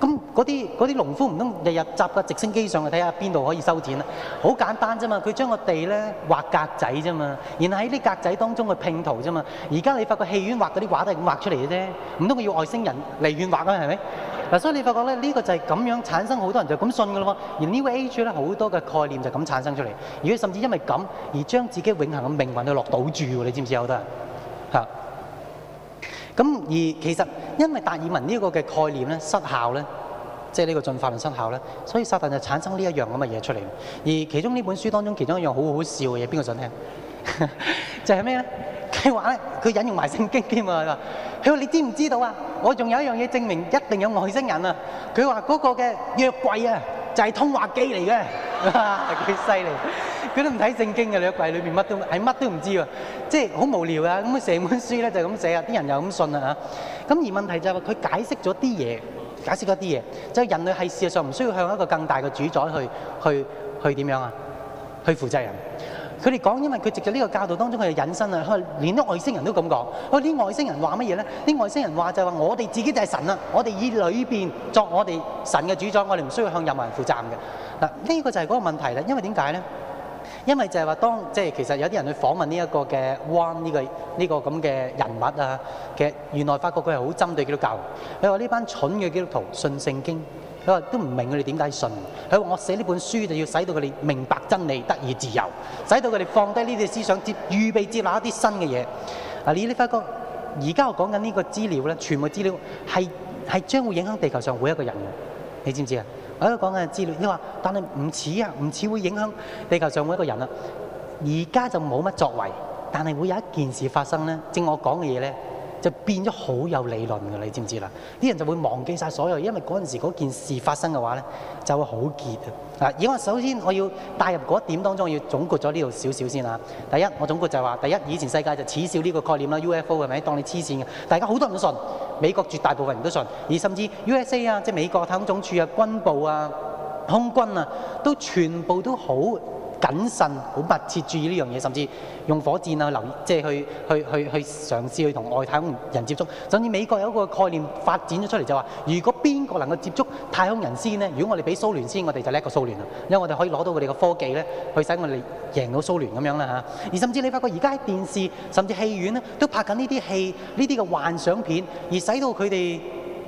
咁嗰啲啲農夫唔通日日搭個直升機上去睇下邊度可以修剪？啊？好簡單啫嘛，佢將個地咧畫格仔啫嘛，然後喺啲格仔當中去拼圖啫嘛。而家你發覺戲院畫嗰啲畫都係咁畫出嚟嘅啫，唔通佢要外星人嚟院畫啊？係咪？嗱，所以你發覺咧呢個就係咁樣產生好多人就咁信嘅咯喎。而呢個 age 咧好多嘅概念就咁產生出嚟，而且甚至因為咁而將自己永恆嘅命運去落賭注喎。你知唔知道有得？哋咁而其實因為達爾文呢個嘅概念咧失效咧，即係呢個進化論失效咧，所以撒旦就產生呢一樣咁嘅嘢出嚟。而其中呢本書當中其中一樣好好笑嘅嘢，邊個想聽？ *laughs* 就係咩咧？佢話咧，佢引用埋聖經添喎，佢話：佢話你知唔知道啊？我仲有一樣嘢證明一定有外星人啊！佢話嗰個嘅約櫃啊，就係通話機嚟嘅，佢犀利！佢都唔睇聖經嘅，約櫃裏邊乜都係乜都唔知喎，即係好無聊啊！咁成本書咧就咁寫啊，啲人又咁信啊嚇。咁而問題就係佢解釋咗啲嘢，解釋咗啲嘢，就係人類係事實上唔需要向一個更大嘅主宰去去去點樣啊？去負責人。佢哋講，他因為佢藉著呢個教導當中他人生，佢哋隱身啦。佢連啲外星人都咁講。喂，啲外星人話乜嘢咧？啲外星人話就係話：我哋自己就係神啦！我哋以裏邊作我哋神嘅主宰，我哋唔需要向任何人負責嘅。嗱，呢個就係嗰個問題啦。因為點解咧？因為就係話當即係其實有啲人去訪問呢一個嘅 One 呢個呢、這個咁嘅人物啊嘅，其實原來發覺佢係好針對基督教。佢話呢班蠢嘅基督徒信聖經。佢話都唔明佢哋點解信。佢話我寫呢本書就要使到佢哋明白真理，得以自由，使到佢哋放低呢啲思想，接預備接納一啲新嘅嘢。啊，你呢發覺而家我講緊呢個資料咧，全部資料係係將會影響地球上每一個人嘅，你知唔知啊？我喺度講緊資料，你話但係唔似啊，唔似會影響地球上每一個人啊。而家就冇乜作為，但係會有一件事發生咧，正我講嘅嘢咧。就變咗好有理論㗎，你知唔知啦？啲人就會忘記晒所有，因為嗰陣時嗰件事發生嘅話呢，就會好結啊！啊，因為首先我要帶入嗰一點當中，我要總括咗呢度少少先啦。第一，我總括就係話，第一以前世界就恥笑呢個概念啦，UFO 係咪當你黐線嘅？大家好多人都信，美國絕大部分人都信，而甚至 USA 啊，即係美國太空總署啊、軍部啊、空軍啊，都全部都好謹慎，好密切注意呢樣嘢，甚至用火箭啊，留意，即係去去去去，去嘗試去同外太空人接觸。甚至美國有一個概念發展咗出嚟、就是，就話如果邊個能夠接觸太空人先呢？如果我哋俾蘇聯先，我哋就叻過蘇聯啦，因為我哋可以攞到佢哋嘅科技呢，去使我哋贏到蘇聯咁樣啦嚇、啊。而甚至你發覺而家喺電視甚至戲院呢，都拍緊呢啲戲，呢啲嘅幻想片，而使到佢哋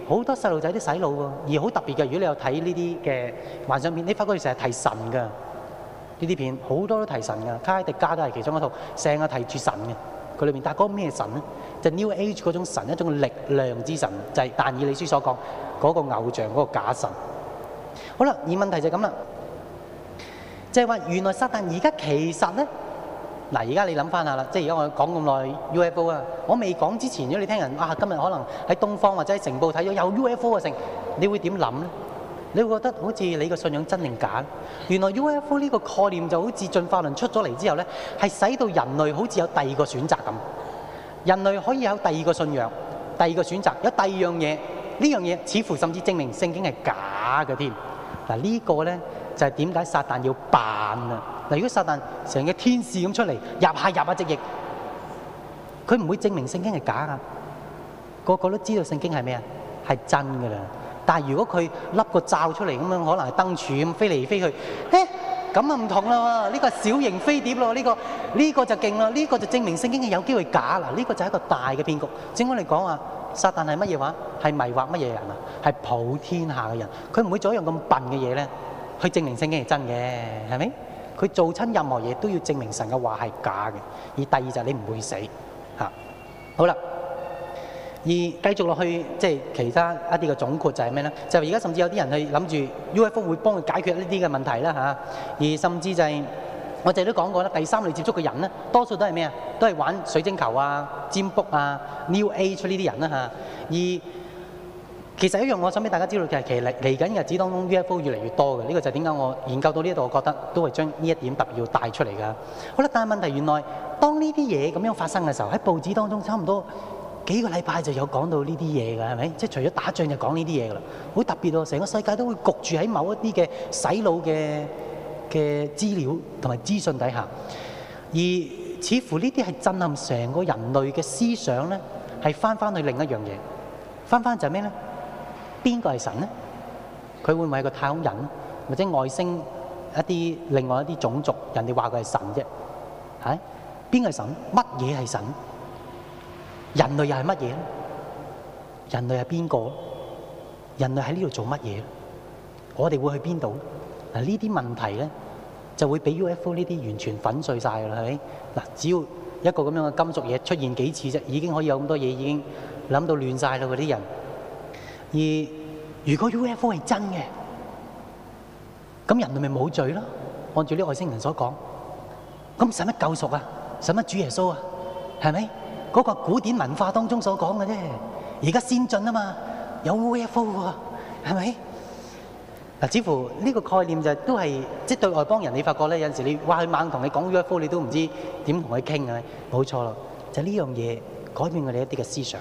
好多細路仔都洗腦喎。而好特別嘅，如果你有睇呢啲嘅幻想片，你發覺佢成日提神㗎。呢啲片好多都提神噶，卡迪加都係其中一套，成日提住神嘅，佢裏面。但係嗰個咩神咧？就是、New Age 嗰種神，一種力量之神，就係、是、但以理書所講嗰、那個偶像嗰、那個假神。好啦，而問題就咁啦，即係話原來撒旦而家其實咧，嗱而家你諗翻下啦，即係而家我講咁耐 UFO 啊，我未講之前，如果你聽人啊今日可能喺東方或者喺城布睇咗有 UFO 嘅城，你會點諗咧？你會覺得好似你個信仰真定假？原來 UFO 呢個概念就好似進化論出咗嚟之後呢係使到人類好似有第二個選擇咁。人類可以有第二個信仰、第二個選擇，有第二樣嘢。呢樣嘢似乎甚至證明聖經係假嘅添。嗱、這、呢個呢就係點解撒旦要扮啊？嗱，如果撒旦成個天使咁出嚟，入下入下隻翼，佢唔會證明聖經係假啊。個個都知道聖經係咩啊？係真噶啦。但係如果佢甩個罩出嚟咁樣，可能係燈柱咁飛嚟飛去，嘿、欸，咁啊唔同啦喎！呢、這個小型飛碟咯，呢、這個呢、這個就勁啦，呢、這個就證明聖經係有機會假啦。呢、這個就係一個大嘅騙局。正我嚟講話，撒旦係乜嘢話？係迷惑乜嘢人啊？係普天下嘅人，佢唔會做一樣咁笨嘅嘢咧，去證明聖經係真嘅，係咪？佢做親任何嘢都要證明神嘅話係假嘅。而第二就係你唔會死嚇、啊。好啦。而繼續落去，即係其他一啲嘅總括就係咩咧？就係而家甚至有啲人去諗住 UFO 會幫佢解決呢啲嘅問題啦嚇、啊。而甚至就係、是、我哋都講過啦，第三類接觸嘅人咧，多數都係咩啊？都係玩水晶球啊、占卜啊、New Age 呢啲人啦嚇、啊。而其實一樣，我想俾大家知道嘅係，其實嚟嚟緊日子當中 UFO 越嚟越多嘅。呢、這個就係點解我研究到呢度，我覺得都係將呢一點特別要帶出嚟㗎。好啦，但係問題原來當呢啲嘢咁樣發生嘅時候，喺報紙當中差唔多，幾個禮拜就有講到呢啲嘢㗎，係咪？即係除咗打仗就講呢啲嘢㗎啦，好特別喎！成個世界都會焗住喺某一啲嘅洗腦嘅嘅資料同埋資訊底下，而似乎呢啲係震撼成個人類嘅思想咧，係翻翻去另一樣嘢，翻翻就係咩咧？邊個係神咧？佢會唔會係個太空人或者外星一啲另外一啲種族？人哋話佢係神啫，嚇？邊個係神？乜嘢係神？人類又係乜嘢咧？人類係邊個？人類喺呢度做乜嘢咧？我哋會去邊度咧？嗱，呢啲問題咧，就會俾 UFO 呢啲完全粉碎晒啦，係咪？嗱，只要一個咁樣嘅金屬嘢出現幾次啫，已經可以有咁多嘢已經諗到亂晒啦，嗰啲人。而如果 UFO 係真嘅，咁人類咪冇罪咯？按照啲外星人所講，咁使乜救贖啊？使乜主耶穌啊？係咪？嗰個古典文化當中所講嘅啫，而家先進啊嘛，有 UFO 喎，係咪？嗱，似乎呢個概念就都係即對外邦人，你發覺咧有陣時你話佢猛同你講 UFO，你都唔知點同佢傾嘅。冇錯咯，就呢樣嘢改變佢哋一啲嘅思想。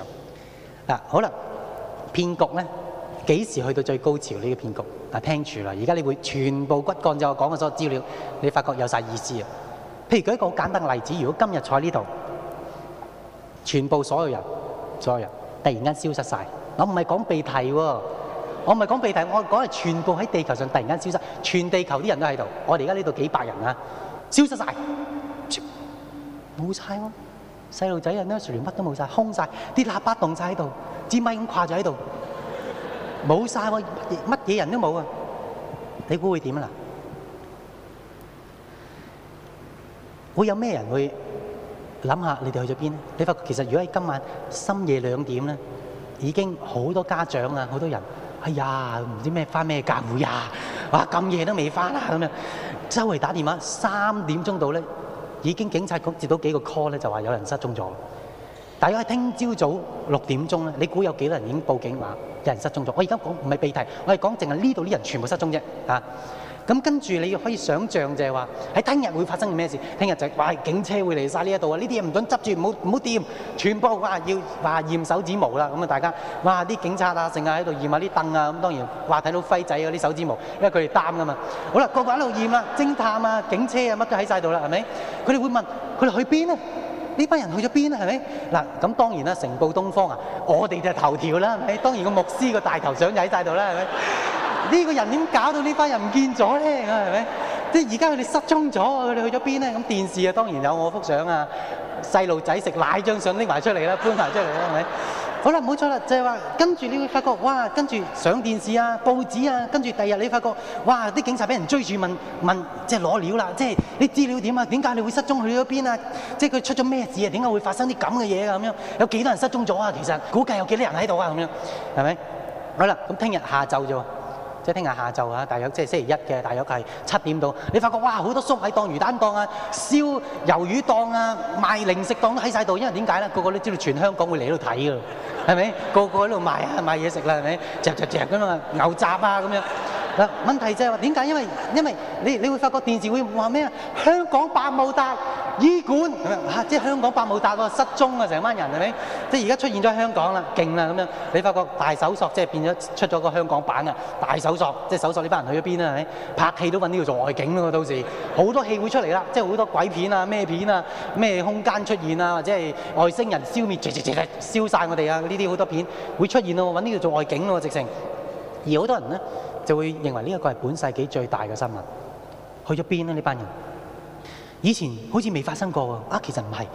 嗱，好啦，騙局咧幾時去到最高潮呢個騙局？嗱，聽住啦，而家你會全部骨幹就係我講嘅所有資料，你發覺有曬意思啊。譬如舉一個好簡單嘅例子，如果今日坐喺呢度。全部所有人，所有人突然間消失曬，我唔係講被提喎，我唔係講被提，我講係全部喺地球上突然間消失，全地球啲人都喺度，我哋而家呢度幾百人啊，消失曬，冇曬喎，細路仔啊，呢船乜都冇曬，空曬，啲喇叭棟曬喺度，支咪咁掛咗喺度，冇曬喎，乜嘢乜嘢人都冇啊，你估會點啊嗱？會有咩人會？諗下你哋去咗邊？你發覺其實如果喺今晚深夜兩點咧，已經好多家長啊，好多人，哎呀，唔知咩翻咩教會呀，哇咁夜都未翻啊咁樣，周圍打電話，三點鐘到咧，已經警察局接到幾個 call 咧，就話有人失蹤咗。大概聽朝早六點鐘咧，你估有幾多人已經報警話人失蹤咗？我而家講唔係秘題，我係講淨係呢度啲人全部失蹤啫。嚇！咁跟住你可以想像就係話喺聽日會發生啲咩事？聽日就係哇，警車會嚟曬呢一度啊！呢啲嘢唔準執住，唔好唔好掂，全部哇要話驗手指模啦。咁啊，大家哇啲警察啊，成日喺度驗下啲凳啊。咁當然話睇到輝仔嗰啲手指模，因為佢哋擔噶嘛。好啦，個個喺度驗啦，偵探啊、警車啊，乜都喺曬度啦，係咪？佢哋會問：佢哋去邊呢？呢班人去咗邊啊？係咪嗱？咁當然啦，成報東方啊，我哋就係頭條啦，係咪？當然個牧師個大頭相就喺晒度啦，係咪？呢 *laughs* 個人點搞到這不呢班人唔見咗咧？係咪？即係而家佢哋失蹤咗，佢哋去咗邊咧？咁電視啊，當然有我幅相啊，細路仔食奶張相拎埋出嚟啦，搬埋出嚟啦，係咪？ *laughs* 好啦，冇錯啦，就係話跟住你會發覺，哇！跟住上電視啊、報紙啊，跟住第二日你會發覺，哇！啲警察畀人追住問問，即係攞料啦，即係啲資料點啊？點解你會失蹤去咗邊啊？即係佢出咗咩事，事啊？點解會發生啲咁嘅嘢啊？咁樣有幾多人失蹤咗啊？其實估計有幾多人喺度啊？咁樣係咪？好啦，咁聽日下晝啫喎。即係聽日下晝啊，大約即係星期一嘅，大約係七點到。你發覺哇，好多粟米檔、魚蛋檔啊、燒魷魚檔啊、賣零食檔都喺晒度，因為點解咧？個個都知道全香港會嚟呢度睇㗎，係咪？ *laughs* 個個喺度賣啊賣嘢食啦，係咪？嚼嚼嚼咁啊，牛雜啊咁樣。問題就係話點解？因為因為你你會發覺電視會話咩啊？香港百慕達醫館嚇、啊，即係香港百慕達個失蹤啊！成班人係咪？即係而家出現咗香港啦，勁啦咁樣。你發覺大搜索即係變咗出咗個香港版啊！大搜索即係搜索呢班人去咗邊啊？係咪拍戲都揾呢度做外景咯？到時好多戲會出嚟啦，即係好多鬼片啊、咩片啊、咩空間出現啊，或者係外星人消滅，直直嚼燒曬我哋啊！呢啲好多片會出現咯，揾呢度做外景咯，直情。而好多人咧。就會認為呢一個係本世紀最大嘅新聞，去咗邊咧？呢班人以前好似未發生過喎。啊，其實唔係，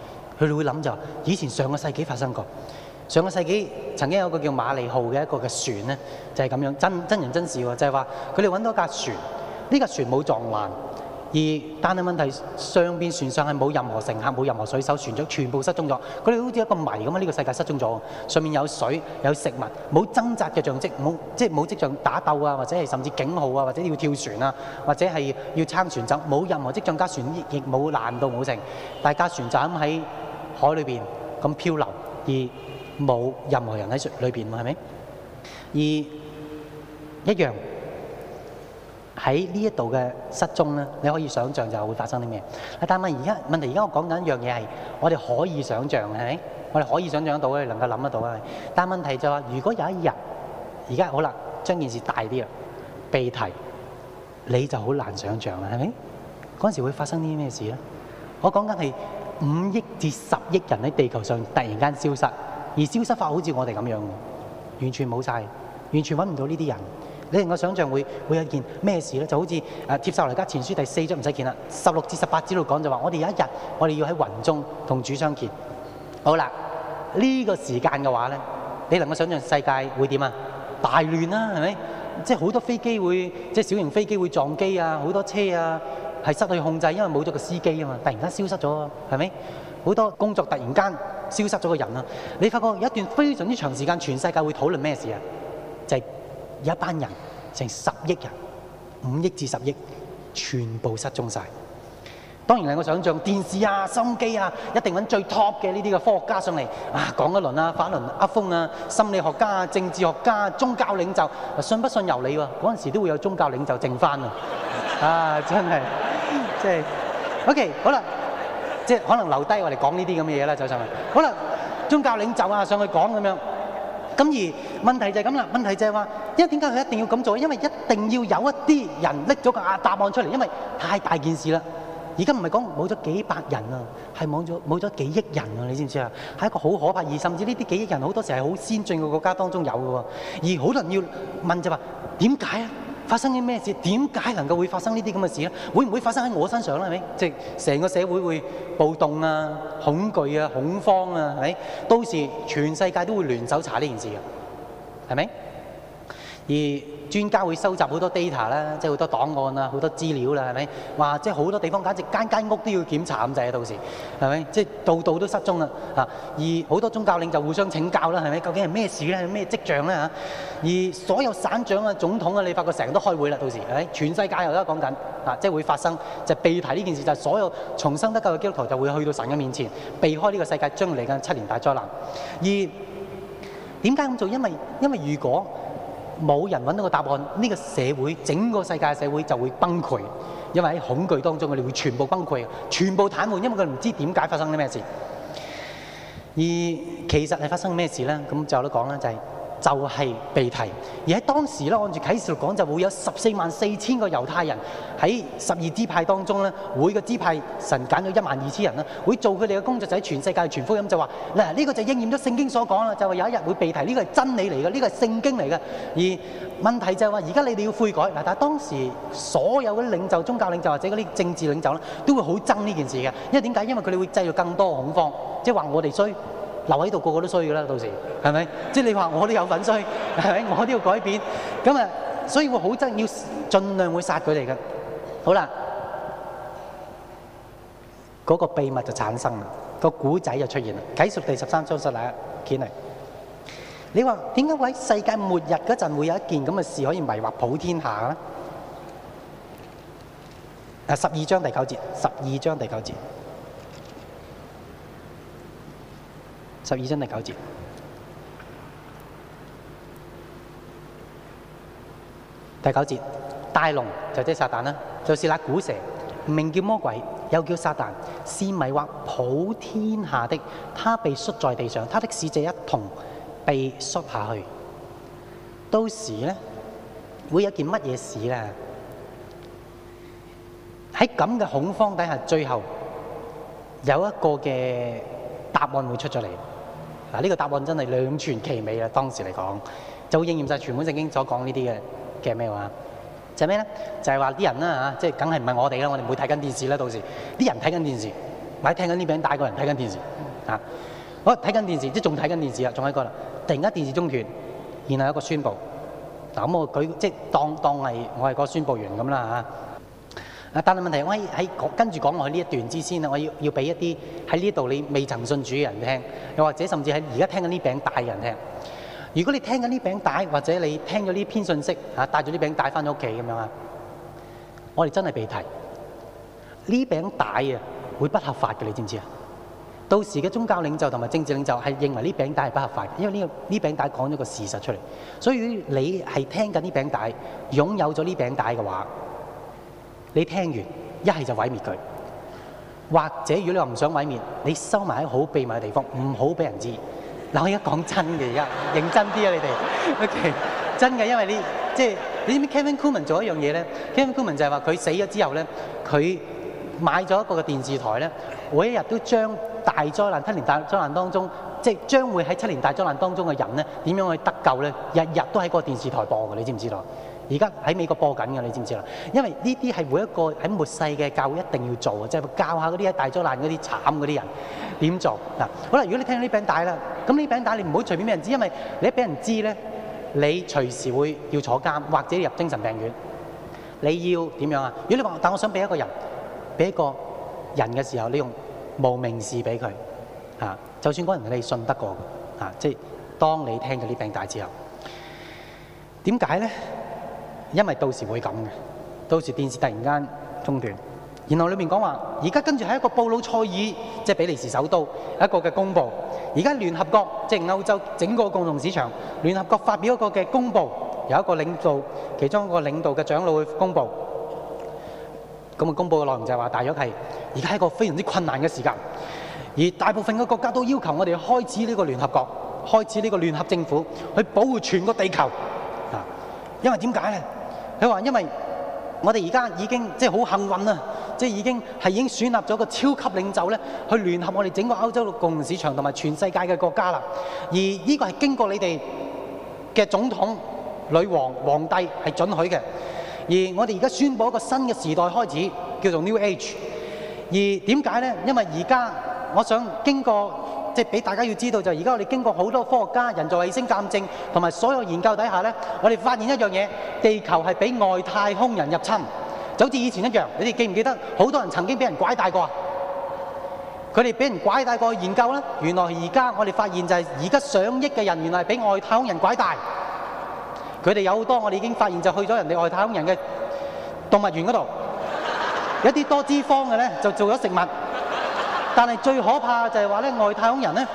佢哋會諗就以前上個世紀發生過。上個世紀曾經有一個叫馬利號嘅一個嘅船咧，就係、是、咁樣真真人真事喎，就係話佢哋揾到一架船，呢架船冇撞爛。而但係問題，上邊船上係冇任何乘客，冇任何水手，船長全部失蹤咗。佢哋好似一個謎咁啊！呢個世界失蹤咗，上面有水、有食物，冇掙扎嘅跡象，冇即係冇跡象打鬥啊，或者係甚至警號啊，或者要跳船啊，或者係要撐船枕，冇任何跡象。架船亦冇爛到冇剩，大家船就咁喺海裏邊咁漂流，而冇任何人喺水裏邊，係咪？而一樣。喺呢一度嘅失蹤咧，你可以想像就會發生啲咩？但問而家問題，而家我講緊一樣嘢係，我哋可以想像係咪？我哋可以想像到，我哋能夠諗得到嘅。但問題就係、是，如果有一日，而家好啦，將件事大啲啊，鼻提你就好難想像啦，係咪？嗰陣時會發生啲咩事咧？我講緊係五億至十億人喺地球上突然間消失，而消失法好似我哋咁樣，完全冇晒，完全揾唔到呢啲人。你能夠想像會會有一件咩事咧？就好似誒《帖撒羅尼迦前書》第四章唔使見啦，十六至十八節度講就話：我哋有一日，我哋要喺雲中同主相見。好啦，呢個時間嘅話咧，你能夠想像世界會點啊？大亂啦，係咪？即係好多飛機會，即係小型飛機會撞機啊！好多車啊，係失去控制，因為冇咗個司機啊嘛。突然間消失咗，係咪？好多工作突然間消失咗個人啊！你發覺有一段非常之長時間，全世界會討論咩事啊？就係。有一班人，成十億人，五億至十億，全部失蹤曬。當然，令我想象電視啊、收音機啊，一定揾最 top 嘅呢啲嘅科學家上嚟啊，講一輪啊，反輪阿峰啊，心理學家啊、政治學家、宗教領袖，信不信由你喎？嗰陣時都會有宗教領袖剩翻啊！啊，真係，即係 OK，好啦，即係可能留低我哋講呢啲咁嘅嘢啦，就係啦。好啦，宗教領袖啊，上去講咁樣。咁而問題就係咁啦，問題就係話，因為點解佢一定要咁做？因為一定要有一啲人拎咗個答案出嚟，因為太大件事啦。而家唔係講冇咗幾百人啊，係冇咗冇咗幾億人啊，你知唔知啊？係一個好可怕的，而甚至呢啲幾億人好多時候係好先進嘅國家當中有嘅喎，而好多人要問就話點解啊？發生啲咩事？點解能夠會發生呢啲咁嘅事咧？會唔會發生喺我身上咧？係咪？即係成個社會會暴動啊、恐懼啊、恐慌啊？係咪？到時全世界都會聯手查呢件事嘅，係咪？而專家會收集好多 data 啦，即係好多檔案啊，好多資料啦，係咪？哇！即係好多地方，簡直間間屋都要檢查咁滯啊！到時係咪？即係度度都失蹤啦啊！而好多宗教領就互相請教啦，係咪？究竟係咩事咧？咩跡象咧？嚇、啊！而所有省長啊、總統啊，你發覺成日都開會啦，到時係咪？全世界又都講緊啊！即係會發生就係被提呢件事，就係所有重生得救嘅基督徒就會去到神嘅面前，避開呢個世界將嚟嘅七年大災難。而點解咁做？因為因為如果冇人揾到個答案，呢個社會，整個世界社會就會崩潰，因為喺恐懼當中，佢哋會全部崩潰，全部癱瘓，因為佢哋唔知點解發生啲咩事。而其實係發生咩事咧？咁就我都講啦，就係。就係被提，而喺當時咧，按住啟示錄講，就會有十四萬四千個猶太人喺十二支派當中咧，每個支派神揀咗一萬二千人啦，會做佢哋嘅工作，就喺全世界傳福音就說，就話嗱，呢、這個就應驗咗聖經所講啦，就話有一日會被提，呢、這個係真理嚟嘅，呢、這個係聖經嚟嘅。而問題就係、是、話，而家你哋要悔改嗱，但係當時所有嘅領袖、宗教領袖或者嗰啲政治領袖咧，都會好憎呢件事嘅，因為點解？因為佢哋會製造更多恐慌，即係話我哋衰。留喺依度，個個都衰噶啦，到時係咪？即係你話我都有份衰，係咪？我都要改變。咁啊，所以我好憎，要盡量會殺佢哋嘅。好啦，嗰個秘密就產生啦，個故仔就出現啦。解説第十三章十禮，堅啊！你話點解會喺世界末日嗰陣會有一件咁嘅事可以迷惑普天下咧？誒，十二章第九節，十二章第九節。十二章第九節，第九節，大龍就即係撒旦啦，就是那古蛇，名叫魔鬼，又叫撒旦，是迷惑普天下的。他被摔在地上，他的使者一同被摔下去。到時呢，會有件乜嘢事呢？喺咁嘅恐慌底下，最後有一個嘅答案會出咗嚟。嗱，呢個答案真係兩全其美啦！當時嚟講，就會應驗晒全本聖經所講呢啲嘅嘅咩話？就係咩咧？就係話啲人啦嚇，即係梗係唔係我哋啦？我哋唔會睇緊電視啦。到時啲人睇緊電視，或者聽緊啲大個人睇緊電視嚇。我睇緊電視，即係仲睇緊電視啦，仲喺嗰度。突然間電視中斷，然後有一個宣佈。嗱，咁我舉即當當係我係個宣佈員咁啦嚇。但係問題係，我喺喺跟住講我呢一段之先啦。我要要俾一啲喺呢度你未曾信主嘅人聽，又或者甚至係而家聽緊呢餅帶嘅人聽。如果你聽緊呢餅帶，或者你聽咗呢篇信息嚇，帶咗呢餅帶翻咗屋企咁樣啊，我哋真係被提呢餅帶啊，會不合法嘅，你知唔知啊？到時嘅宗教領袖同埋政治領袖係認為呢餅帶係不合法嘅，因為呢呢餅帶講咗個事實出嚟。所以你係聽緊呢餅帶，擁有咗呢餅帶嘅話。你聽完一係就毀滅佢，或者如果你話唔想毀滅，你收埋喺好秘密嘅地方，唔好俾人知道。嗱，我而家講真嘅而家，認真啲啊 *laughs* 你哋，OK 真嘅，因為你即係、就是、你知唔知 Kevin Cooman 做一樣嘢咧？Kevin Cooman 就係話佢死咗之後咧，佢買咗一個嘅電視台咧，每一日都將大災難七年大災難當中，即、就、係、是、將會喺七年大災難當中嘅人咧點樣去得救咧，日日都喺嗰個電視台播嘅，你知唔知道？而家喺美國播緊嘅，你知唔知啦？因為呢啲係每一個喺末世嘅教會一定要做嘅，即係教下嗰啲喺大災難嗰啲慘嗰啲人點做嗱。好啦，如果你聽到啲餅帶啦，咁呢餅帶你唔好隨便俾人知，因為你一俾人知咧，你隨時會要坐監或者入精神病院。你要點樣啊？如果你話，但我想俾一個人俾一個人嘅時候，你用無名氏俾佢啊，就算嗰人你信得過啊，即係當你聽到呢餅帶之後，點解咧？因為到時會咁嘅，到時電視突然間中斷，然後裏面講話，而家跟住係一個布魯塞爾，即係比利時首都，一個嘅公佈。而家聯合國即係歐洲整個共同市場，聯合國發表一個嘅公佈，有一個領導，其中一個領導嘅長老去公佈。咁嘅公佈嘅內容就係話，大約係而家係一個非常之困難嘅時間，而大部分嘅國家都要求我哋開始呢個聯合國，開始呢個聯合政府去保護全個地球。啊，因為點解呢？佢話：因為我哋而家已經即係好幸運啦，即係已經係已經選立咗個超級領袖咧，去聯合我哋整個歐洲嘅共同市場同埋全世界嘅國家啦。而呢個係經過你哋嘅總統、女王、皇帝係准許嘅。而我哋而家宣布一個新嘅時代開始，叫做 New Age。而點解咧？因為而家我想經過。即係俾大家要知道，就而家我哋經過好多科學家、人造衛星鑑證同埋所有研究底下咧，我哋發現一樣嘢，地球係俾外太空人入侵。就好似以前一樣，你哋記唔記得好多人曾經俾人拐帶過？佢哋俾人拐帶過去研究咧。原來而家我哋發現就係而家上億嘅人原來係俾外太空人拐帶。佢哋有好多我哋已經發現就去咗人哋外太空人嘅動物園嗰度，一啲多脂肪嘅咧就做咗食物。但係最可怕就係話咧，外太空人咧，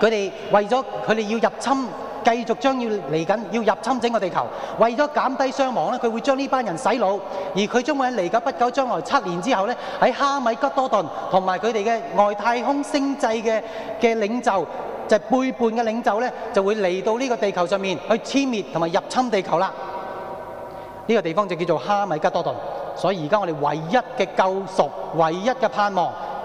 佢哋為咗佢哋要入侵，繼續將要嚟緊要入侵整個地球。為咗減低傷亡咧，佢會將呢班人洗腦。而佢將會喺嚟緊不久，將來七年之後咧，喺哈米吉多頓同埋佢哋嘅外太空星際嘅嘅領袖，就係背叛嘅領袖咧，就會嚟到呢個地球上面去殲滅同埋入侵地球啦。呢個地方就叫做哈米吉多頓。所以而家我哋唯一嘅救贖，唯一嘅盼望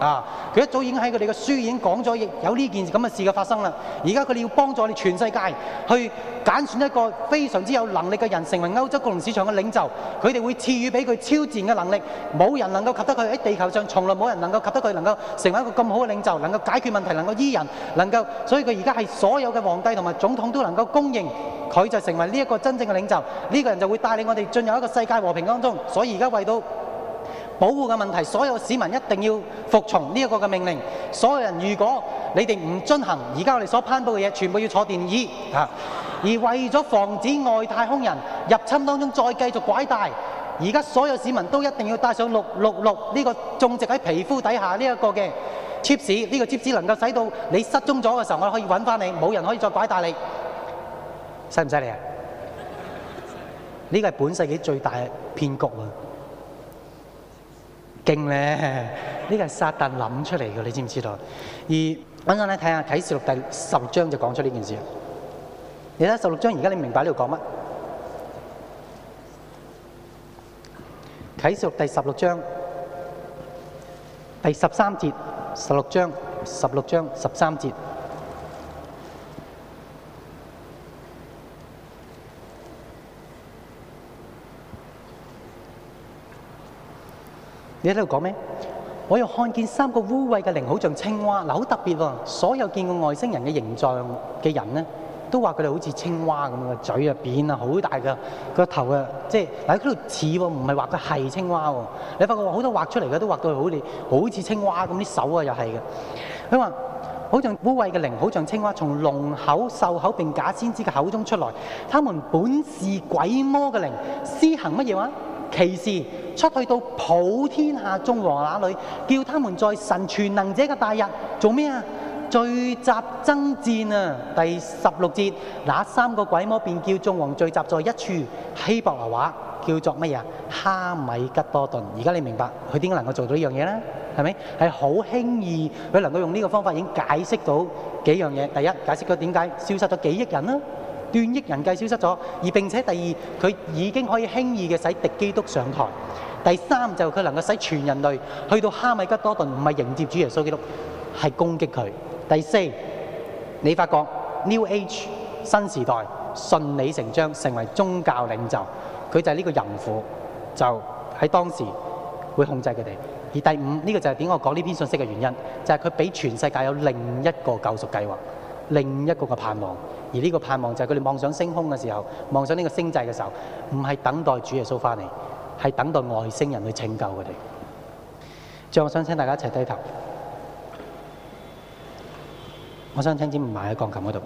啊！佢一早已經喺佢哋嘅書已經講咗，亦有呢件事咁嘅事嘅發生啦。而家佢哋要幫助你全世界去揀選一個非常之有能力嘅人成為歐洲共同市場嘅領袖。佢哋會賜予俾佢超自然嘅能力，冇人能夠及得佢喺地球上，從來冇人能夠及得佢能夠成為一個咁好嘅領袖，能夠解決問題，能夠醫人，能夠所以佢而家係所有嘅皇帝同埋總統都能夠公認，佢就成為呢一個真正嘅領袖。呢個人就會帶領我哋進入一個世界和平當中。所以而家為到保護嘅問題，所有市民一定要服從呢一個嘅命令。所有人，如果你哋唔遵行，而家我哋所頒布嘅嘢，全部要坐電椅。啊！而為咗防止外太空人入侵當中再繼續拐帶，而家所有市民都一定要戴上六六六呢個種植喺皮膚底下呢一個嘅 chips，呢個 chips 能夠使到你失蹤咗嘅時候，我哋可以揾翻你，冇人可以再拐帶你。犀唔犀利啊？呢個係本世紀最大嘅騙局啊！勁咧！呢個係撒旦諗出嚟嘅，你知唔知道？而等等咧，睇下啟示錄第十六章就講出呢件事。你睇下十六章，而家你明白呢度講乜？啟示錄第十六章第十三節，十六章，十六章十三節。你喺度講咩？我又看見三個污穢嘅靈，好像青蛙，嗱，好特別喎！所有見過外星人嘅形象嘅人咧，都話佢哋好似青蛙咁嘅嘴啊，扁啊，好大嘅個頭啊，即係嗱，喺度似喎，唔係話佢係青蛙喎。你發覺好多畫出嚟嘅都畫到佢好似青蛙咁，啲手啊又係嘅。佢話：好像污穢嘅靈，好像青蛙，從龍口、獸口並假先知嘅口中出來，他們本是鬼魔嘅靈，施行乜嘢話？其時出去到普天下眾王那裏，叫他們在神全能者嘅大日做咩啊？聚集爭戰啊！第十六節，那三個鬼魔便叫眾王聚集在一處，希伯來話叫做乜嘢啊？哈米吉多頓。而家你明白佢點解能夠做到這件事呢樣嘢咧？係咪係好輕易？佢能夠用呢個方法已經解釋到幾樣嘢。第一，解釋佢點解消失咗幾億人呢？段億人計消失咗，而並且第二，佢已經可以輕易嘅使敵基督上台。第三就佢、是、能夠使全人類去到哈米吉多頓，唔係迎接主耶穌基督，係攻擊佢。第四，你發覺 New Age 新時代順理成章成為宗教領袖，佢就係呢個淫婦，就喺當時會控制佢哋。而第五呢、這個就係點我講呢篇信息嘅原因，就係佢俾全世界有另一個救贖計劃，另一個嘅盼望。而呢個盼望就係佢哋望上星空嘅時候，望上呢個星際嘅時候，唔係等待主耶穌翻嚟，係等待外星人去拯救佢哋。最後我想請大家一齊低頭，我想請支五萬喺鋼琴嗰度。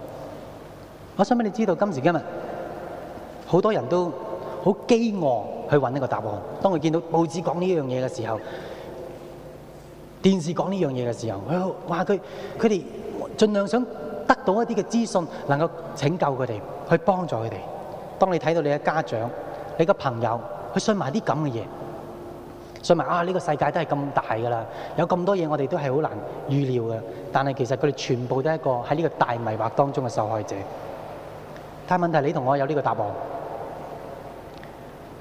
我想俾你知道，今時今日好多人都好飢餓去揾呢個答案。當佢見到報紙講呢樣嘢嘅時候，電視講呢樣嘢嘅時候，佢話佢佢哋盡量想。得到一啲嘅資訊，能夠拯救佢哋，去幫助佢哋。當你睇到你嘅家長、你嘅朋友，去信埋啲咁嘅嘢，信埋啊呢個世界都係咁大噶啦，有咁多嘢我哋都係好難預料嘅。但係其實佢哋全部都係一個喺呢個大迷惑當中嘅受害者。但係問題，你同我有呢個答案。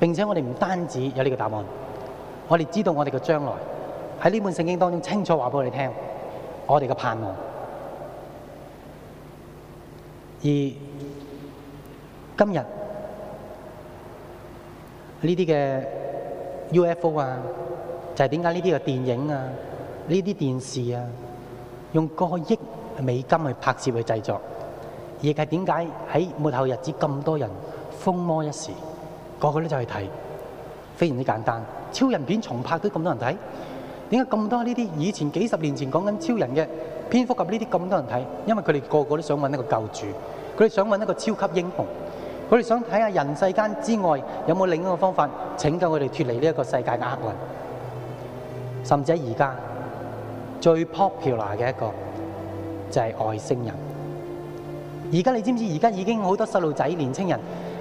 並且我哋唔單止有呢個答案，我哋知道我哋嘅將來喺呢本聖經當中清楚話俾我哋聽，我哋嘅盼望。而今日呢啲嘅 UFO 啊，就係點解呢啲嘅電影啊、呢啲電視啊，用過億美金去拍攝去製作，而係點解喺末後日子咁多人瘋魔一時，個個都就去睇，非常之簡單。超人片重拍都咁多人睇，點解咁多呢啲以前幾十年前講緊超人嘅蝙蝠俠呢啲咁多人睇？因為佢哋個個都想揾一個救主。佢哋想揾一個超級英雄，佢哋想睇下人世間之外有冇另一個方法拯救佢哋脱離呢一個世界嘅厄運，甚至而家最 popular 嘅一個就係、是、外星人。而家你知唔知道？而家已經好多細路仔、年青人，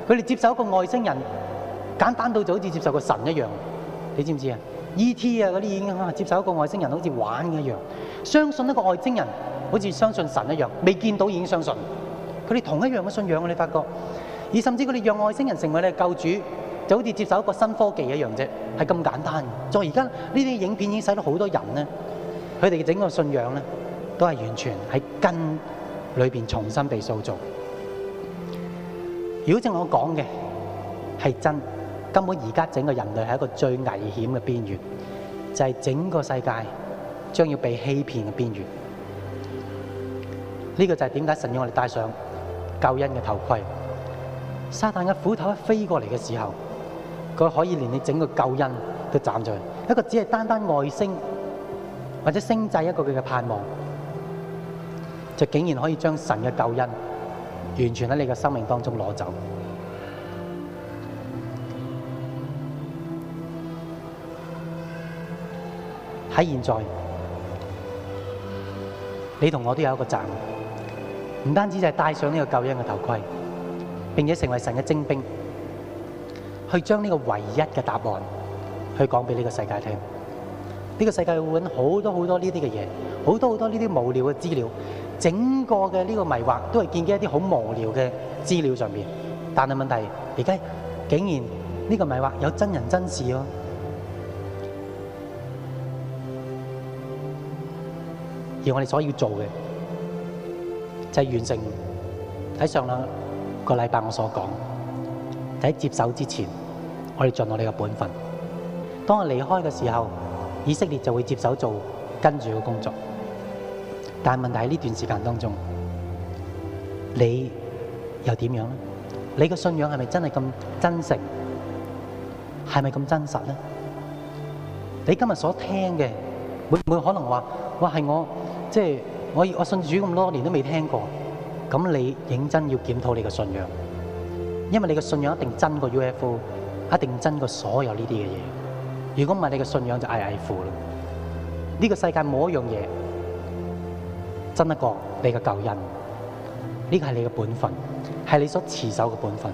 佢哋接受一個外星人，簡單到就好似接受一個神一樣。你知唔知啊？ET 啊嗰啲已經接受一個外星人，好似玩一樣，相信一個外星人，好似相信神一樣，未見到已經相信。佢哋同一樣嘅信仰，你哋發覺，而甚至佢哋讓外星人成為你嘅救主，就好似接受一個新科技一樣啫，係咁簡單。作為而家呢啲影片已經使到好多人咧，佢哋嘅整個信仰咧都係完全喺根裏邊重新被塑造。如果正我講嘅係真，根本而家整個人類係一個最危險嘅邊緣，就係、是、整個世界將要被欺騙嘅邊緣。呢、這個就係點解神要我哋帶上？救恩嘅頭盔，撒旦嘅斧頭一飛過嚟嘅時候，佢可以連你整個救恩都斬咗去。一個只係單單外星或者星際一個佢嘅盼望，就竟然可以將神嘅救恩完全喺你嘅生命當中攞走。喺現在，你同我都有一個讚唔單止就係戴上呢個救恩嘅頭盔，並且成為神嘅精兵，去將呢個唯一嘅答案去講俾呢個世界聽。呢個世界會揾好多好多呢啲嘅嘢，好多好多呢啲無聊嘅資料，整個嘅呢個迷惑都係建基一啲好無聊嘅資料上面。但係問題而家竟然呢個迷惑有真人真事喎、哦，而我哋所要做嘅。就係完成睇上個禮拜我所講，就喺接手之前，我哋盡我哋嘅本分。當我離開嘅時候，以色列就會接手做跟住嘅工作。但係問題喺呢段時間當中你，你又點樣咧？你嘅信仰係咪真係咁真誠？係咪咁真實咧？你今日所聽嘅，會唔會可能話：哇，係我，即係？我我信主咁多年都未聽過，咁你認真要檢討你嘅信仰，因為你嘅信仰一定真過 UFO，一定真過所有呢啲嘅嘢。如果唔係，你嘅信仰就危危乎啦。呢個世界冇一樣嘢真得過你嘅救恩。呢個係你嘅本分，係你所持守嘅本分。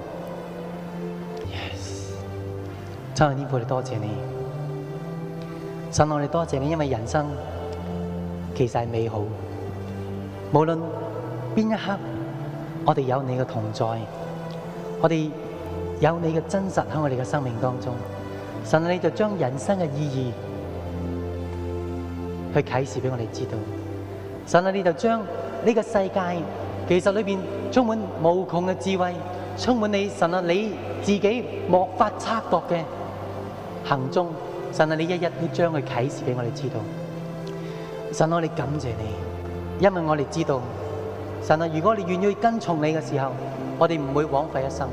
Yes，神啊！天父，你多謝你，神愛你，多謝你，因為人生其實係美好。無論邊一刻，我哋有你嘅同在，我哋有你嘅真實喺我哋嘅生命當中，神啊，你就將人生嘅意義去啟示俾我哋知道，神啊，你就將呢個世界其實裏邊充滿無窮嘅智慧，充滿你，神啊，你自己莫法測度嘅行蹤，神啊，你一日都將佢啟示俾我哋知道，神啊，我哋感謝你。因為我哋知道，神啊，如果你願意跟從你嘅時候，我哋唔會枉費一生。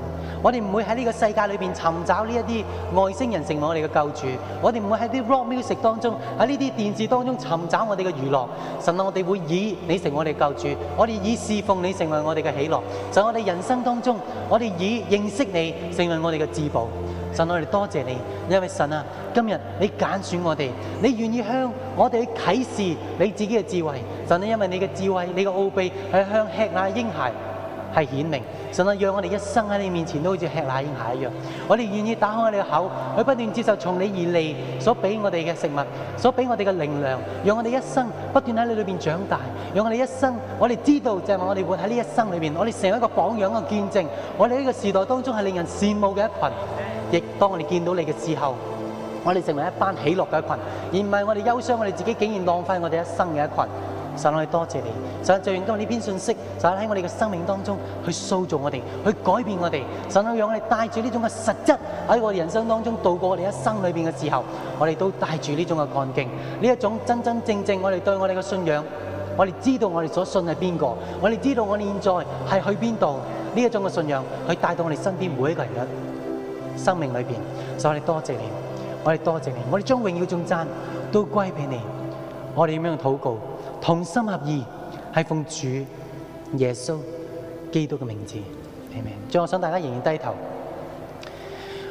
我哋唔會喺呢個世界裏邊尋找呢一啲外星人成為我哋嘅救主，我哋唔會喺啲 rock music 當中，喺呢啲電視當中尋找我哋嘅娛樂。神啊，我哋會以你成為我哋救主，我哋以侍奉你成為我哋嘅喜樂。神，我哋人生當中，我哋以認識你成為我哋嘅至寶。神，我哋多謝你，因為神啊，今日你揀選我哋，你願意向我哋去啟示你自己嘅智慧。神啊，因為你嘅智慧，你嘅奧秘，係向吃奶嬰孩。嬰孩係顯明，甚至，讓我哋一生喺你面前都好似吃奶嬰孩一樣。我哋願意打開我哋嘅口，去不斷接受從你而嚟所俾我哋嘅食物，所俾我哋嘅靈糧，讓我哋一生不斷喺你裏邊長大，讓我哋一生，我哋知道就係我哋活喺呢一生裏邊，我哋成為一個榜樣嘅見證，我哋呢個時代當中係令人羨慕嘅一群。亦當我哋見到你嘅時候，我哋成為一班喜樂嘅一群，而唔係我哋憂傷，我哋自己竟然浪費我哋一生嘅一群。神，我哋多謝你。神，就用到呢篇信息，神喺我哋嘅生命當中去塑造我哋，去改變我哋。神，我哋讓我哋帶住呢種嘅實質喺我哋人生當中度過我哋一生裏邊嘅時候，我哋都帶住呢種嘅乾靜，呢一種真真正正我哋對我哋嘅信仰，我哋知道我哋所信係邊個，我哋知道我哋現在係去邊度，呢一種嘅信仰去帶到我哋身邊每一個人嘅生命裏邊。所以我哋多謝你，我哋多謝你，我哋將榮耀頌讚都歸俾你。我哋點樣禱告？同心合意係奉主耶穌基督嘅名字，明唔明？最後我想大家仍然低頭，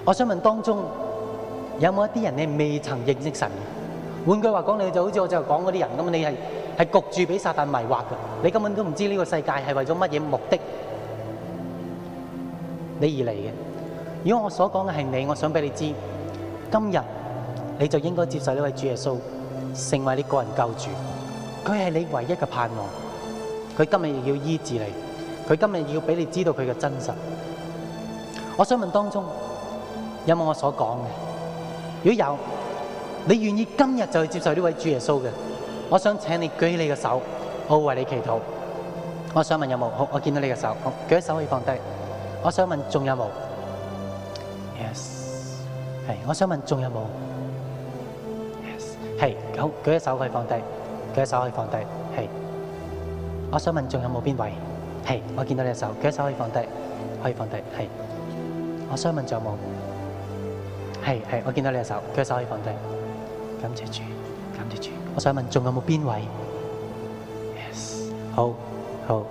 我想問當中有冇一啲人你未曾認識神？換句話講，你就好似我就講嗰啲人咁，你係係焗住俾撒旦迷惑嘅，你根本都唔知呢個世界係爲咗乜嘢目的你而嚟嘅。如果我所講嘅係你，我想俾你知，今日你就應該接受呢位主耶穌，成爲你個人救主。佢係你唯一嘅盼望，佢今日又要醫治你，佢今日要俾你知道佢嘅真實。我想問當中有冇我所講嘅？如果有，你願意今日就去接受呢位主耶穌嘅？我想請你舉起你嘅手，我會為你祈禱。我想問有冇？好，我見到你嘅手，好，舉起手可以放低。我想問仲有冇？Yes，係。我想問仲有冇？Yes，係。好，舉起手可以放低。舉手可以放低，係。我想問仲有冇邊位？係，我見到你隻手。舉手可以放低，可以放低，係。我想問仲有冇？係係，我見到你隻手。舉手可以放低。感謝主，感謝主。我想問仲有冇邊位？Yes。好，好，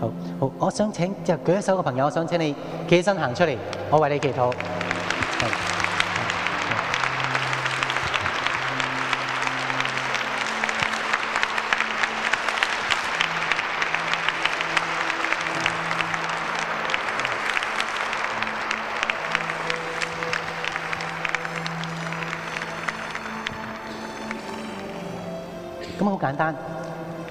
好，好。我想請就舉手嘅朋友，我想請你企起身行出嚟，我為你祈禱。簡單，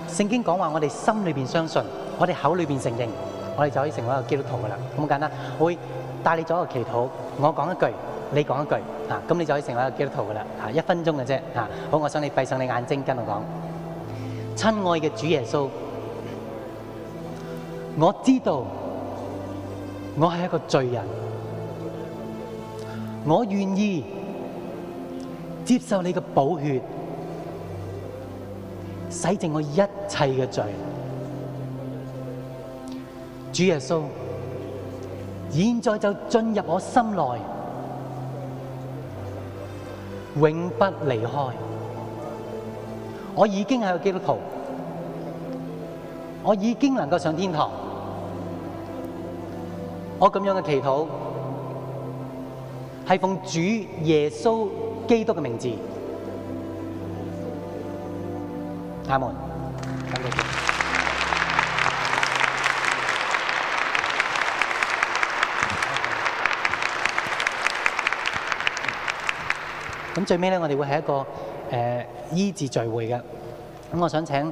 聖經講話我哋心裏邊相信，我哋口裏邊承認，我哋就可以成為一個基督徒噶啦，咁簡單。我會帶你做一個祈禱，我講一句，你講一句，啊，咁你就可以成為一個基督徒噶啦，啊，一分鐘嘅啫，啊，好，我想你閉上你眼睛，跟我講，親愛嘅主耶穌，我知道我係一個罪人，我願意接受你嘅寶血，洗淨我一切嘅罪，主耶穌，現在就進入我心內，永不離開。我已經係個基督徒，我已經能夠上天堂。我咁樣嘅祈禱係奉主耶穌基督嘅名字。阿們，多謝。咁最尾咧，我哋會係一個誒醫治聚會嘅。咁我想請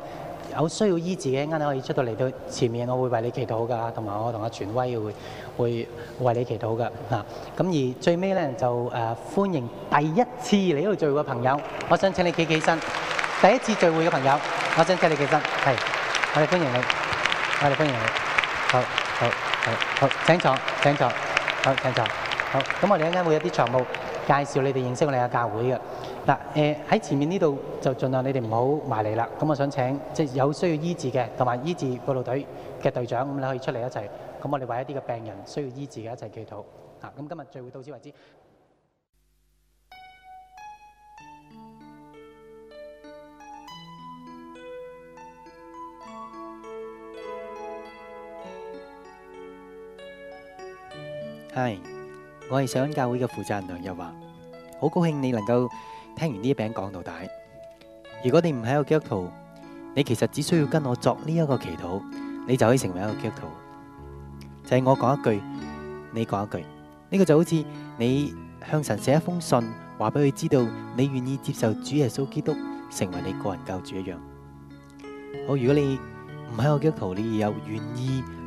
有需要醫治嘅啱啱可以出到嚟到前面，我會為你祈禱㗎，同埋我同阿全威會會為你祈禱㗎。嗱，咁而最尾咧就誒歡迎第一次嚟呢度聚會嘅朋友，我想請你企起身。第一次聚會嘅朋友，我想請你起身，係，我哋歡迎你，我哋歡迎你，好好好好，請坐請坐，好請坐，好，咁我哋陣間會有啲場務介紹你哋認識我哋嘅教會嘅，嗱誒喺前面呢度就盡量你哋唔好埋嚟啦，咁我想請即係有需要醫治嘅同埋醫治佈道隊嘅隊長咁你可以出嚟一齊，咁我哋為一啲嘅病人需要醫治嘅一齊祈禱，啊咁今日聚會到此為止。係，我係聖恩教會嘅負責人梁日華，好高興你能夠聽完呢一餅講道帶。如果你唔係一個基督徒，你其實只需要跟我作呢一個祈禱，你就可以成為一個基督徒。就係我講一句，你講一句，呢個就好似你向神寫一封信，話俾佢知道你願意接受主耶穌基督成為你個人救主一樣。好，如果你唔係一個基督徒，你又願意，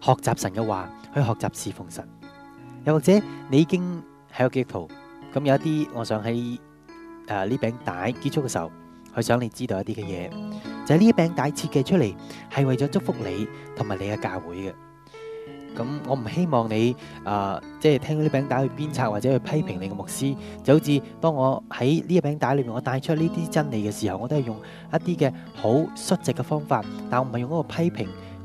學習神嘅話，去學習侍奉神。又或者你已經係個基督徒，咁有一啲，我想喺誒呢餅帶結束嘅時候，去想你知道一啲嘅嘢。就係呢一餅帶設計出嚟，係為咗祝福你同埋你嘅教會嘅。咁我唔希望你誒，即係聽到呢餅帶去鞭策或者去批評你嘅牧師。就好似當我喺呢一餅帶裏面，我帶出呢啲真理嘅時候，我都係用一啲嘅好率直嘅方法，但係我唔係用嗰個批評。